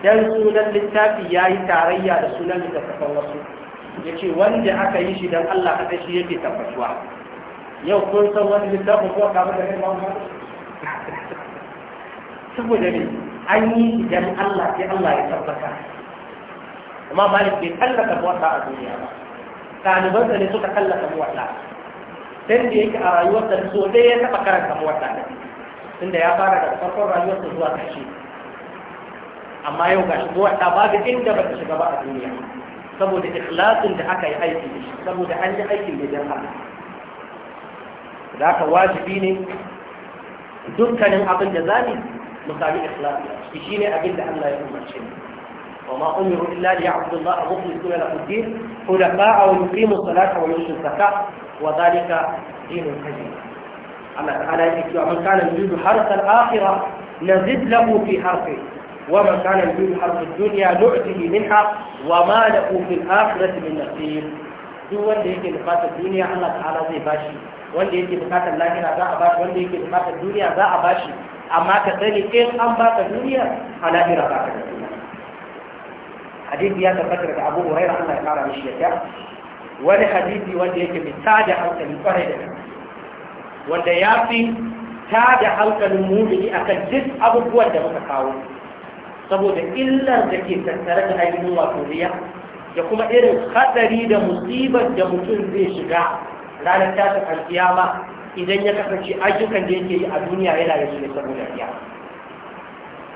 dan sunan littafi ya yi tarayya da sunan littattafan wasu ya ce wanda aka yi shi don Allah ka shi yake tabbatuwa yau kun san wani littafin ko kamar da kai ba saboda ne an yi idan Allah sai Allah ya tabbata amma malik bai kallaka muwatta a duniya ba ɗalibansa ne suka kallaka muwatta sai da yake a rayuwarsa so dai ya taɓa karanta muwatta da tunda ya fara daga farkon rayuwarsa zuwa ƙarshe amma yau gashi muwatta babu inda ba ta shiga ba a duniya saboda ikhlasin da aka yi aiki da shi saboda an yi aikin da jan Allah da haka wajibi ne dukkanin abin da zani mu sami ikhlasi shi ne abin da Allah ya umarce mu وما أمروا إلا ليعبدوا الله مخلصون له الدين حنفاء ويقيموا الصلاة ويؤتوا الزكاة وذلك دين القيم أما تعالى يقول من كان يريد حرث الآخرة نزد له في حرثه ومن كان يريد حرث الدنيا نعطيه منها وما له في الآخرة من نصيب دو wanda yake bukatar الدنيا الله تعالى زي باشي wanda yake bukatar lahira za a bashi wanda yake الدنيا duniya za أما bashi amma ka sani in an baka hadisi ya tabbatar da Abu Hurairah Allah ya kara mishi yadda wani hadisi wanda yake mai tada hankali kwarai da wanda ya fi tada hankalin mumini akan duk abubuwan da muka kawo saboda illar da ke tattare da ainihin wato riya da kuma irin hadari da musibar da mutum zai shiga ranar tashin alkiyama idan ya kasance ayyukan da yake yi a duniya yana yin ne saboda riya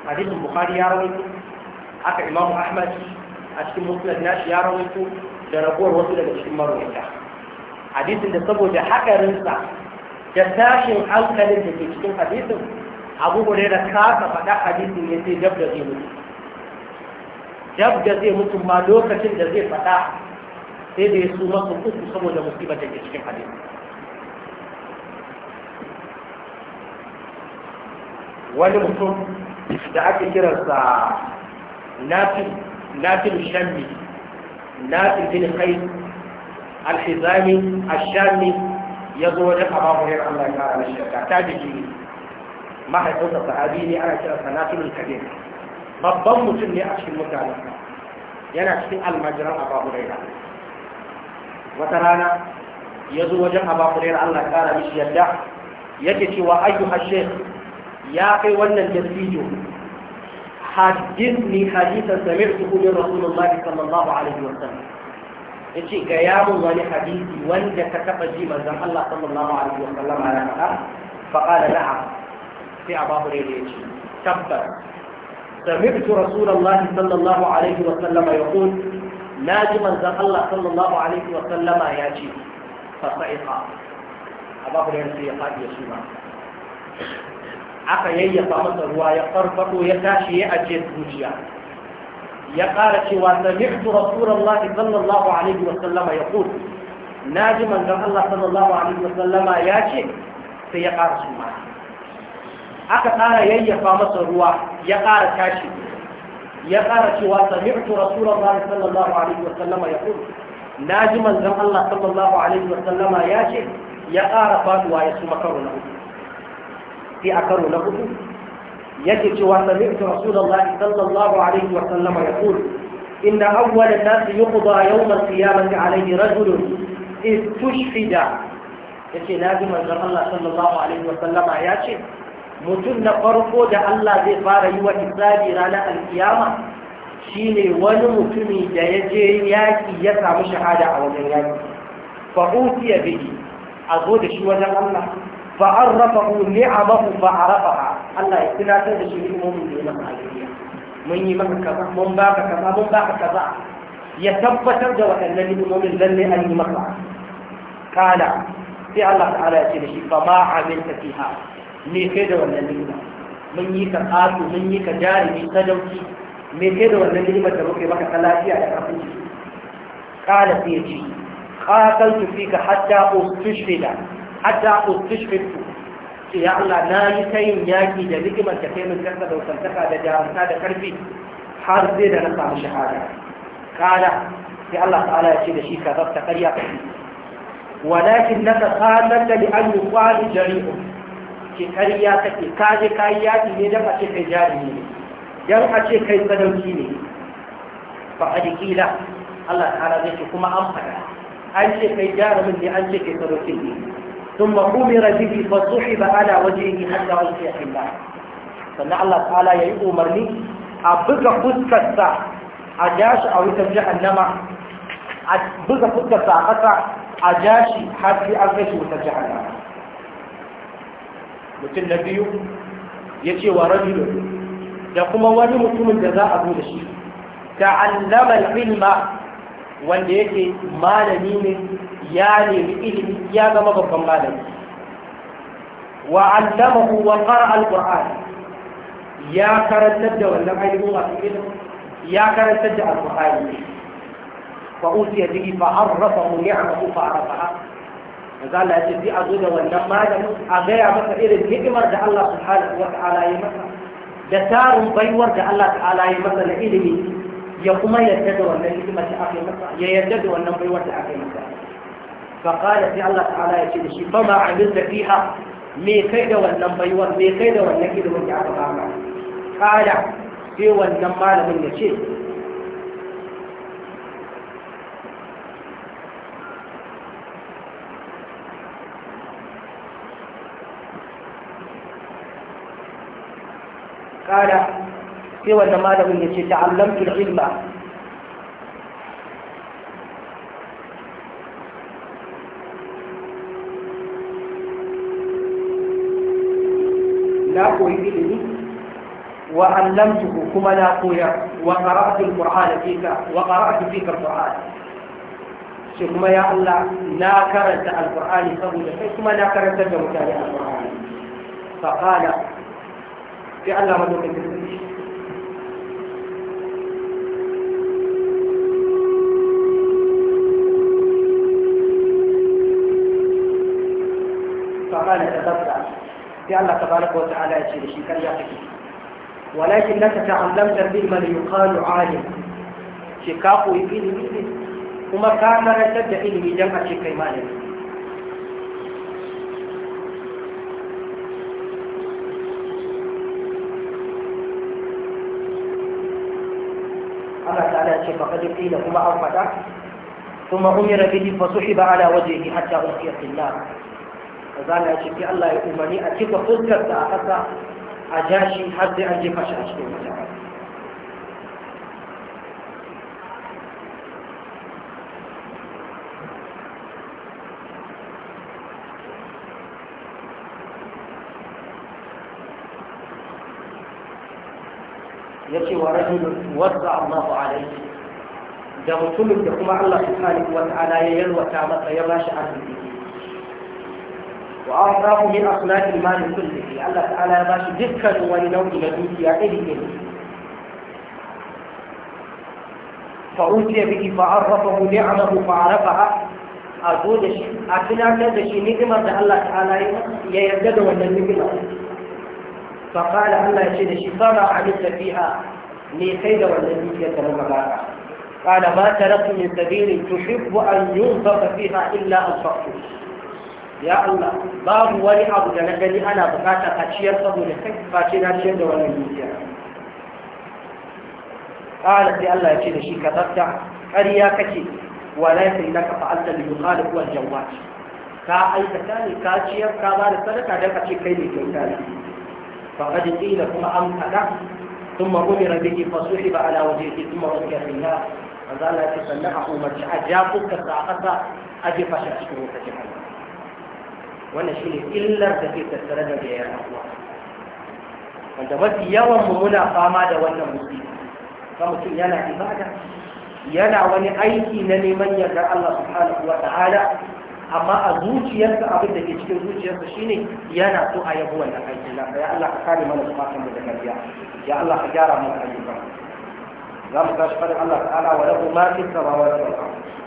hadisin bukhari ya rawaito haka imamu ahmad a cikin na nashi ya rawaito da rabuwar wasu daga cikin marwaita hadisin da saboda haɗarinsa da tashin hankalin da ke cikin hadisin ne da kasa faɗa hadisin ya sai dab da zai mutu dab da zai mutu ma lokacin da zai faɗa sai da ya su masu uku saboda musibar da ke cikin hadisin wani mutum da ake kiransa nafi ناصر الشامي ناصر بن خير الحزامي الشامي يزوج أبا هريرة الله تعالى الشركة تابعي ما حيثوت الصحابي أنا كرة ناصر الكبير babban mutum ne a cikin mutane yana cikin almajiran abu huraira wata rana ya zo wajen abu huraira allah kara mishi yadda yake cewa ayyuhar ya kai wannan dattijo حدثني hadisan سمعته من رسول الله صلى الله عليه وسلم yace ga yaron wani hadisi wanda ka taba ji manzon Allah sallallahu alaihi wa sallam ya faɗa fa qala na'am sai Abu Hurairah yace tabbas sami'tu Rasulullah sallallahu alaihi wa sallam yaqul naji manzon Allah sallallahu alaihi wa sallam ya ce fa sa'iqa Abu Hurairah ya faɗi ya shi aka yayyafa masa ruwa ya farfado ya tashi ya ajiye zuciya ya ƙara cewa sami'tu rasulullah sallallahu alaihi wa sallama ya yaqul naji manzon Allah sallallahu alaihi wa sallama ya ce sai ya ƙara suma aka ƙara yayyafa masa ruwa ya ƙara tashi ya ƙara cewa sami'tu rasulullah sallallahu alaihi wa sallama ya yaqul naji manzon Allah sallallahu alaihi wa sallama ya ce ya ƙara faduwa ya suma karo na uku sai a karo na hudu yake cewa sami sami'tu rasulullahi sallallahu alaihi wa sallama Inda yaqul inna awwala an-nas yuqda yawm al-qiyamati alayhi rajulun istushfida yace naji manzon Allah sallallahu alaihi wa sallama ya ce? mutum na farko da Allah zai fara yi wa hisabi ranar alkiyama shine wani mutumi da ya je yaki ya samu shahada a wajen yaki fa utiya bihi a zo da shi wajen Allah فعرفه نعمه فعرفها الله يتنا تنسى شيء مؤمن دون من يمك كذا من باك كذا من باك كذا يثبت الجوة الذي مؤمن ذل أن يمك قال في الله تعالى يتنسى فما عملت فيها نيكيد والنبينا من يك آتو من يك جاري من تجوتي نيكيد والنبينا تروكي بك خلاتي على رفنجي قال في يجي قاتلت فيك حتى أستشهد hatta ustishfitu ce ya Allah na yi ta yin yaƙi da ni'imar ka kai min karsa da wasantaka da jarumta da karfi har zai da na samu shahada kala sai Allah ta'ala ya ce da shi ka zafta karya walakin ka tsananta da an yi kwani jari'un ke, kariya kake ka yi yaƙi ne don a ce kai jarumi ne don a ce kai sadauki ne ba a jikila Allah ta'ala zai ce kuma an faɗa an ce kai jarumin ne an ce kai sadauki ne ثم أمر به فصحب على وجهه حتى ألقي في الله sannan Allah ta'ala ya yi umarni a buga fuskarsa a jashi a wutar jahannama a buga fuskarsa a ƙasa a jashi har sai an kai shi wutar jahannama biyu ya ce wa da kuma wani mutumin da za a zo da shi ta'allama ilma wanda yake malami ne ya nemi ilimi ya zama babban malami wa allamahu wa qara alquran ya karantar da wannan ainihin wasu ilimi ya karantar da alqur'ani fa utiya bihi fa arrafahu ni'mahu fa arafaha maza Allah ya ce bi a zo da wannan malamin a gaya masa irin ni'imar da Allah subhanahu wa ta'ala ya masa da tarin baiwar da Allah ta'ala ya masa na ilimi ya kuma yarda da wannan hikimar da aka yi masa ya yarda da wannan baiwar da aka yi masa فقال في الله تعالى يشيد شيء فما عملت فيها مي كيدا ولن بيوان مي كيدا ولن كيدا ولن كيدا ولن قال في ولن من يشيد قال في ولن من يشيد تعلمت العلم وعلمته كما لا قوية وقرأت القرآن فيك وقرأت فيك القرآن شكما يا الله لا كرت القرآن فقل ثم لا كرت بمتابعة القرآن فقال في الله مدوك فقال تبقى في الله تبارك وتعالى يشير شكرا يا حكيم walakin naka ta'allamta ilma da yuqalu alim ce ka koyi ilimi ne kuma ka karantar da ilimi don a ce kai malami Allah ta'ala ce faqad qila kuma an fada ثم أمر به فسحب على وجهه حتى ألقي في النار فقال يا شيخ الله يؤمني أتيك فزكت أخذها عجاشي حتى أجي فشعش في المجال يجي ورجل وضع الله عليه دغتل الدخمة الله سبحانه وتعالى يلوى تعبط يلاش عزيزي وأعطاه من أخلاق المال كله الله تعالى باش دكا ولنوم يا إلي فأوتي به فعرفه نعمه فعرفها أقول شيء أتناك شيء نعمة الله تعالى يزدد ولا النعمة فقال الله شيء فما عملت فيها لي خير ولا النعمة قال ما تركت من سبيل تحب أن ينفق فيها إلا أنفقته ya Allah babu wani abu da na gani ana bukata a ciyar saboda kai face na ciyar da wannan dukiya qala sai Allah ya ce da shi ka tsafta ƙarya kake wala yakinaka fa'alta bi yuqalu wal jawwat ka aikata ne ka ciyar ka ba da sadaka da a ce kai ne kyauta ne fa qad qila kuma an kada ثم أمر به فصحب على وجهه ثم ركع في النار manzo Allah ya ce sannan a umarci a ja fuskar sa a ƙasa a shi cikin wuta wannan shine illar da ke tattare da biyayyar abuwa wanda mafi yawan mu muna fama da wannan musibi ga mutum yana ibada yana wani aiki na neman yarda Allah subhanahu wa ta'ala amma a zuciyarsa abin da ke cikin zuciyarsa shine yana so a yabo wannan aiki na ya Allah ka kare mana zukatan mu da kariya ya Allah ka gyara mana ayyuka za mu tashi fadin Allah ta'ala wa lahu ma fi samawati wal ardh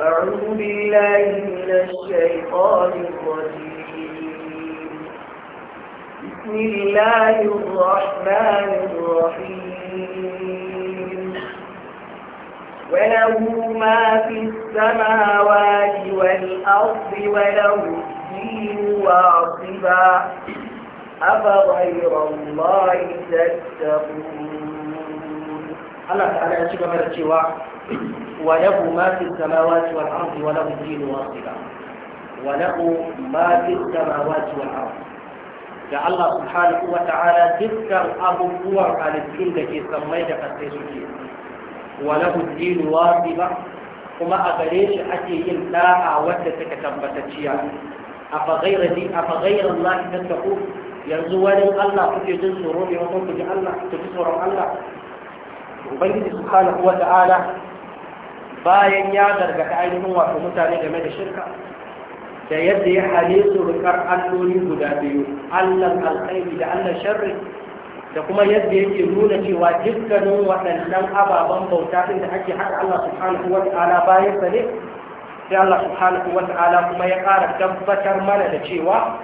أعوذ بالله من الشيطان الرجيم بسم الله الرحمن الرحيم وله ما في السماوات والأرض وله الدين واصبا أفغير الله تتقون Allah ta'ala ya ci gaba da cewa wa yahu ma fi samawati wal ardi wa lahu dinu wasila wa lahu ma fi samawati wal ardi da Allah subhanahu wa ta'ala dukkan abubuwan halittun da ke sammai da kasai suke wa lahu dinu wasila kuma a gare shi ake yin da'a wadda take tabbatacciya A ghayra di afa ghayra Allah yanzu wani Allah kuke jin tsoro ne ko kuke Allah kuke tsoron Allah ubangiji subhanahu wa ta'ala bayan ya gargada ainihin wato mutane game da shirka da yadda ya hale su rikar alloli guda biyu allan alkhairi da allan sharri da kuma yadda yake nuna cewa dukkanin waɗannan ababen bauta ɗin da ake haɗa Allah subhanahu wa ta'ala bayan sa ne sai Allah subhanahu wa ta'ala kuma ya ƙara tabbatar mana da cewa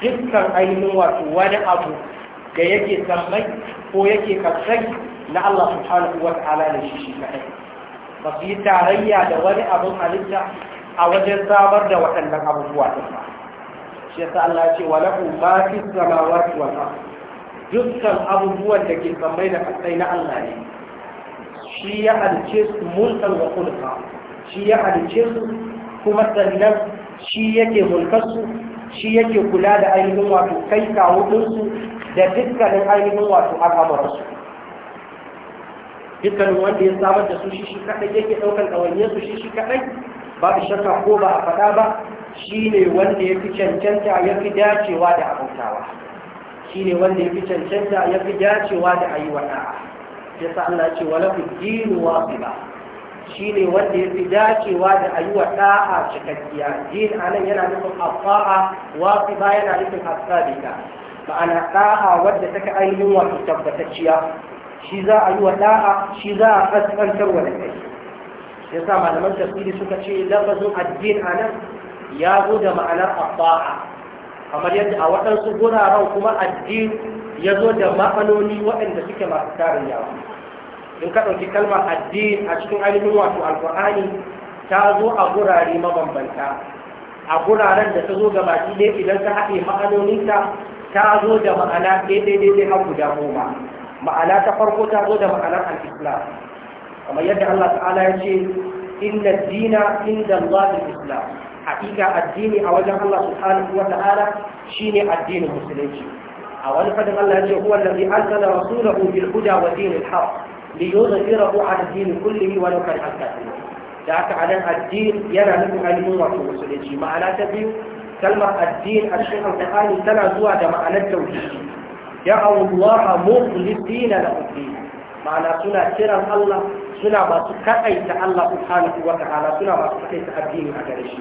dukkan ainihin wato wani abu da yake sammai ko yake kasai na Allah subhanahu wa ta'ala ne shi shi kaɗai ba su yi tarayya da wani abin halitta a wajen samar da waɗannan abubuwa ɗin ba shi yasa Allah ce wa lahu ma fi samawati wal ard dukkan abubuwan da ke sammai da kasai na Allah ne shi ya halice su mulkan wa kulka shi ya halice su kuma sannan shi yake mulkarsu shi yake kula da ainihin wato kai kawo ɗinsu da dukkanin ainihin wato al'amuransu dukkanin wanda ya samar da su shi shi kaɗai yake ɗaukar ɗawainiyar su shi shi kaɗai babu shakka ko ba a faɗa ba shi ne wanda ya fi cancanta ya fi dacewa da abautawa shi ne wanda ya fi cancanta ya fi dacewa da ayi wa ɗa'a ya sa Allah ce wala fi dinu ba shi ne wanda ya fi dacewa da ayi wa ɗa'a cikakkiya din anan yana nufin afa'a ba yana nufin asabika ma'ana ɗa'a wadda take ainihin wato tabbatacciya shi za a yi wa da'a shi za a kaskantar wa da kai ya sa malaman tafsiri suka ce lafazin addin a nan ya zo da ma'anar abba'a kamar yadda a waɗansu guraren kuma addin ya zo da ma'anoni waɗanda suke masu tarin yawa in ka ɗauki kalmar addin a cikin ainihin wato alƙur'ani ta zo a gurare mabambanta a guraren da ta zo ga baki ɗaya idan ta haɗe ma'anoninta ta zo da ma'ana ɗaya ɗaya ɗaya har guda goma ma'ana ta farko ta zo da ma'anar al-islam kamar yadda Allah ta'ala ya ce inna dina inda Allah al-islam haƙiƙa addini a wajen Allah subhanahu wa ta'ala shine addinin musulunci a wani fadin Allah ya ce huwa allazi arsala rasulahu bil huda wa dinil haqq liyuzhirahu ala dini kullihi wa law kana al-kafirun da haka anan addini yana nufin alimin wato musulunci ma'ana ta biyu kalmar addini a cikin alƙur'ani tana zuwa da ma'anar tauhidi da'awu Allah mukhlisina lahu din ma'ana suna kiran Allah suna masu kaɗaita Allah subhanahu wa ta'ala suna masu kaɗaita addini a gare shi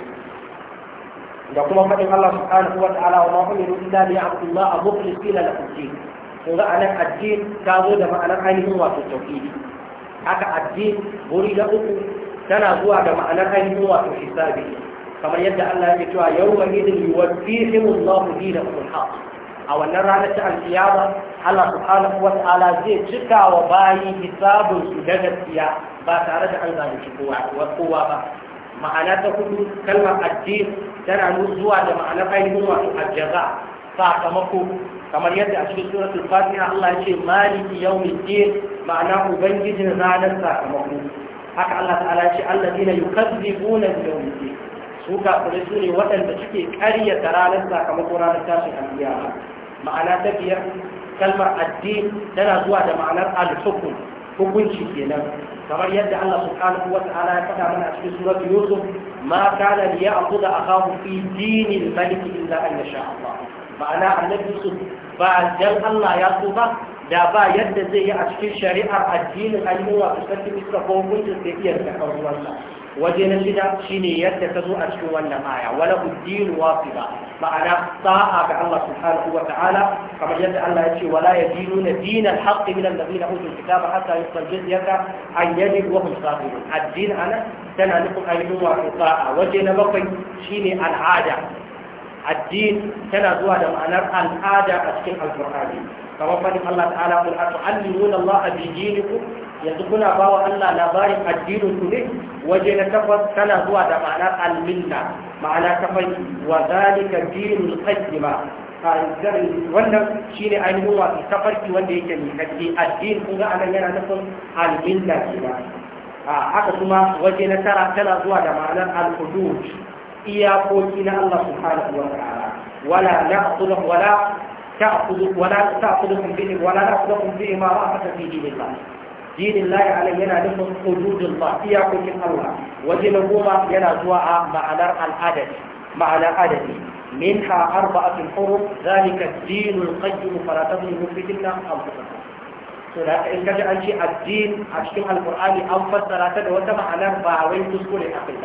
da kuma faɗin Allah subhanahu wa ta'ala wa ma umiru illa li ya'budu Allah mukhlisina lahu din kun ga anan addini ta zo da ma'anar ainihin wato tauhidi haka addini wuri da uku tana zuwa da ma'anar ainihin wato hisabi kamar yadda Allah ya ce cewa yawma idin yuwaffihimullahu dinahum al-haqq a wannan ranar ta alkiyama Allah subhanahu wa ta'ala zai cika wa bayi hisabun su da gaskiya ba tare da an zalunci kowa ba ma'ana ta kudu kalmar addin tana zuwa da ma'anar ainihin wato aljaza sakamako kamar yadda a cikin al fatiha Allah ya ce maliki yawmiddin ma'ana ubangijin ranar sakamako haka Allah ta'ala ya ce allazina yukazzibuna bi yawmiddin su ka kafirai su ne waɗanda suke karya da ranar sakamako ranar tashin alkiyama ma'ana ta biyar kalmar addin tana zuwa da ma'anar al-hukum hukunci kenan kamar yadda Allah subhanahu wa ya faɗa mana a cikin surat Yusuf ma kana li ya'khudha akahu fi dinil malik illa an yasha Allah ma'ana annabi Yusuf ba dan Allah ya so ba da ba yadda zai yi a cikin shari'ar addinin ayyuka ta cikin ko hukuncin sai iya da kawai Allah waje na shida shine yadda ta zo a cikin wannan aya wala uddin wasiba ma'ana sa'a ga Allah subhanahu wa ta'ala kamar yadda Allah ya ce wala yadinuna dinal haqq min alladhina utul kitaba hatta yuqal jizyata an yadi wa hum sabirun addin ana tana nufin ainihin wato sa'a waje na bakwai shine al'ada addin tana zuwa da ma'anar al'ada a cikin alqur'ani kamar fadin Allah ta'ala qul atu'allimuna Allah bi dinikum yanzu kuna ba wa Allah labarin addinin ku ne waje na takwas tana zuwa da ma'anar alminna ma'ana ta wa zalika dinul qayyima wannan shine ainihin wasu tafarki wanda yake mai kaske addini kun ga anan yana da nufin alminna A haka kuma waje na tara tana zuwa da ma'anar al-hudud iyakoki na Allah subhanahu wa ta'ala wala naqulu wala ta'khudhu wala ta'khudhukum bihi wala naqulu bihi ma ra'ata fi dinillah dinin lahi alai yana nufin hududun ba iyakokin Allah waje na goma yana zuwa a ma'anar al'adadi ma'anar adadi minha arba'atul hurum zalika dinul qayyim fala tadhlimu fi dinna a to da in kaji an ce addin a cikin alkur'ani an fassara ta da wata ma'anar ba wai kuskure akai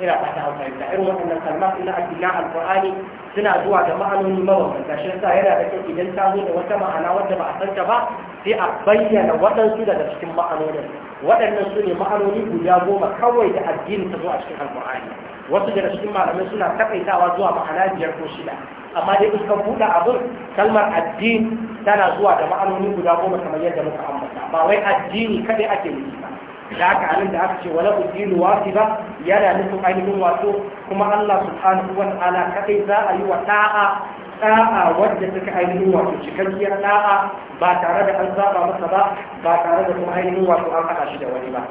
ina fata an fahimta irin waɗannan kalmat ina a cikin alƙur'ani suna zuwa da ma'anoni da shi yasa yana da kyau idan ta zo da wata ma'ana wadda ba a san ta ba sai a bayyana waɗansu daga cikin ma'anonin waɗannan su ne ma'anoni guda goma kawai da addini ta zo a cikin alƙur'ani wasu daga cikin malamai suna takaitawa zuwa ma'ana biyar ko shida amma dai suka buɗe abin kalmar addini tana zuwa da ma'anoni guda goma kamar yadda muka ambata ba wai addini kaɗai ake nufi ba da aka halin da aka ce wala ujilu wasiba yana nufin ainihin wato kuma Allah subhanahu wa ta'ala kadai za a yi wa ta'a da'a wadda suka ainihin wato cikakkiyar ta'a ba tare da an saba masa ba ba tare da kuma ainihin wato an haɗa shi da wani ba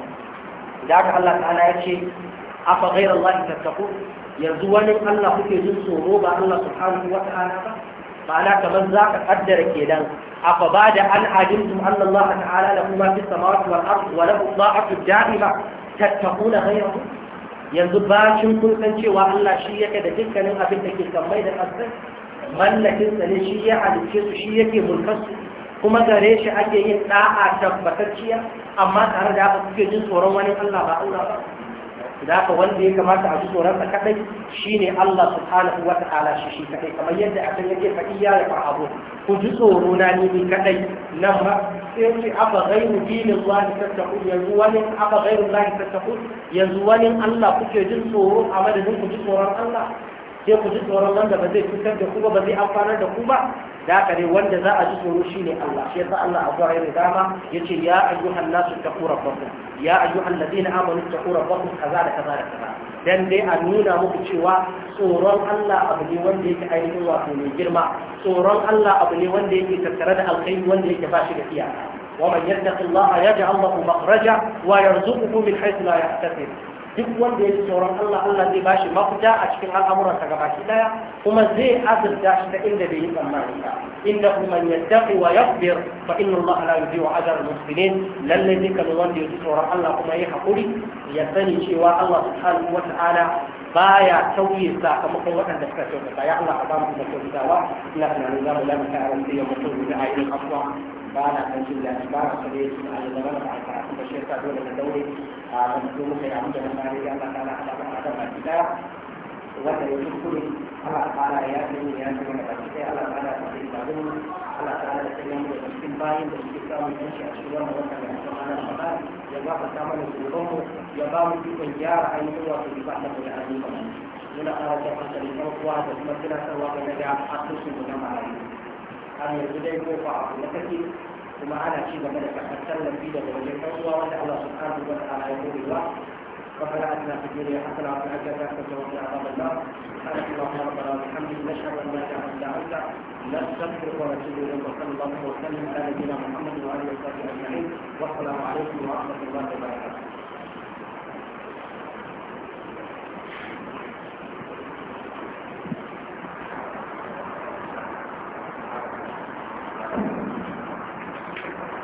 da aka Allah ta'ala ya ce afa ghayra Allah tattaqu yanzu wani Allah kuke jin tsoro ba Allah subhanahu wa ta'ala ba ma'ana kamar za ka kaddara kenan أفبعد أن علمتم أن الله تعالى له ما في السماوات والأرض وله الطاعة الدائمة تتقون غيره yanzu bacin kun san cewa Allah shi yake da dukkanin abin da ke kammai da ƙasar mallakin sa ne shi ya halicce su shi yake mulkar kuma gare shi ake yin da'a tabbatacciya amma tare da haka kuke jin tsoron wani Allah ba Allah ba da haka wanda ya kamata a ji tsoronsa kadai shine Allah subhanahu wa ta'ala shi shi kadai kamar yadda a yake faɗi ya ya abu ku ji tsoro na ni kadai nan ba sai ce aba ghairu zuwa ni tattaku yanzu wani aba zuwa ni tattaku yanzu wani Allah kuke jin tsoro a madadin ku ji tsoron Allah sai ku ji tsoron wanda ba zai fitar da ku ba ba zai amfanar da ku ba da haka ne wanda za a ji tsoro shine Allah shi yasa Allah a zuwa yana dama yace ya ayyuhan nasu taqu rabbakum ya ayyuhan ladina amanu taqu rabbakum kaza da kaza da kaza dan dai a nuna muku cewa tsoron Allah abu ne wanda yake ainihin wato mai girma tsoron Allah abu ne wanda yake tattare da alkhairi wanda yake ba shi da iyaka ومن يتق الله يجعل له مخرجا ويرزقه من حيث لا يحتسب duk wanda ya tsoron Allah Allah zai ba shi mafita a cikin al'amuransa gaba shi daya kuma zai azurta shi ta inda bai yi tsammani ba inda ya tafi wa yaqbir fa inna Allah la yudhi'u ajra al-muslimin lalle zai kan wanda ya tsoron Allah kuma ya hakuri ya sani cewa Allah subhanahu wa ta'ala baya tauye sakamakon waɗanda suka ba ya Allah ka ba mu da kyautatawa ina tunanin za mu lamta a rantsar yau mutum da ayyukan afwa ba na kan jin daɗi ba na sare su da zama da ba a karatu ba shi yasa dole na daure a mutum muka yi abin da na mara ya mata na haɗa kan ya Allah ta'ala ya fi ya Allah ta'ala ta fi da gudu Allah ta'ala da sanya mu da cikin bayin da suke a cikin wannan wata da aka mana ba ka samu da tsoronmu ya ba mu ikon gyara ainihin wato da ba ta kula a yi muna ƙara jan hankali ɗan uwa da kuma tunatarwa game da asusun da na marayu har kuma ana ci gaba da karɓar tallafi daga wajen ɗan uwa wanda Allah subhanahu wa ta'ala ya gode wa ربنا اتنا في الدنيا حسنه وفي الاخره حسنه وقنا عذاب النار سبحانك اللهم ربنا وبحمدك نشهد ان لا اله الا انت نستغفرك ونتوب اليك وصلى الله وسلم على نبينا محمد وعلى اله وصحبه اجمعين والسلام عليكم ورحمه الله وبركاته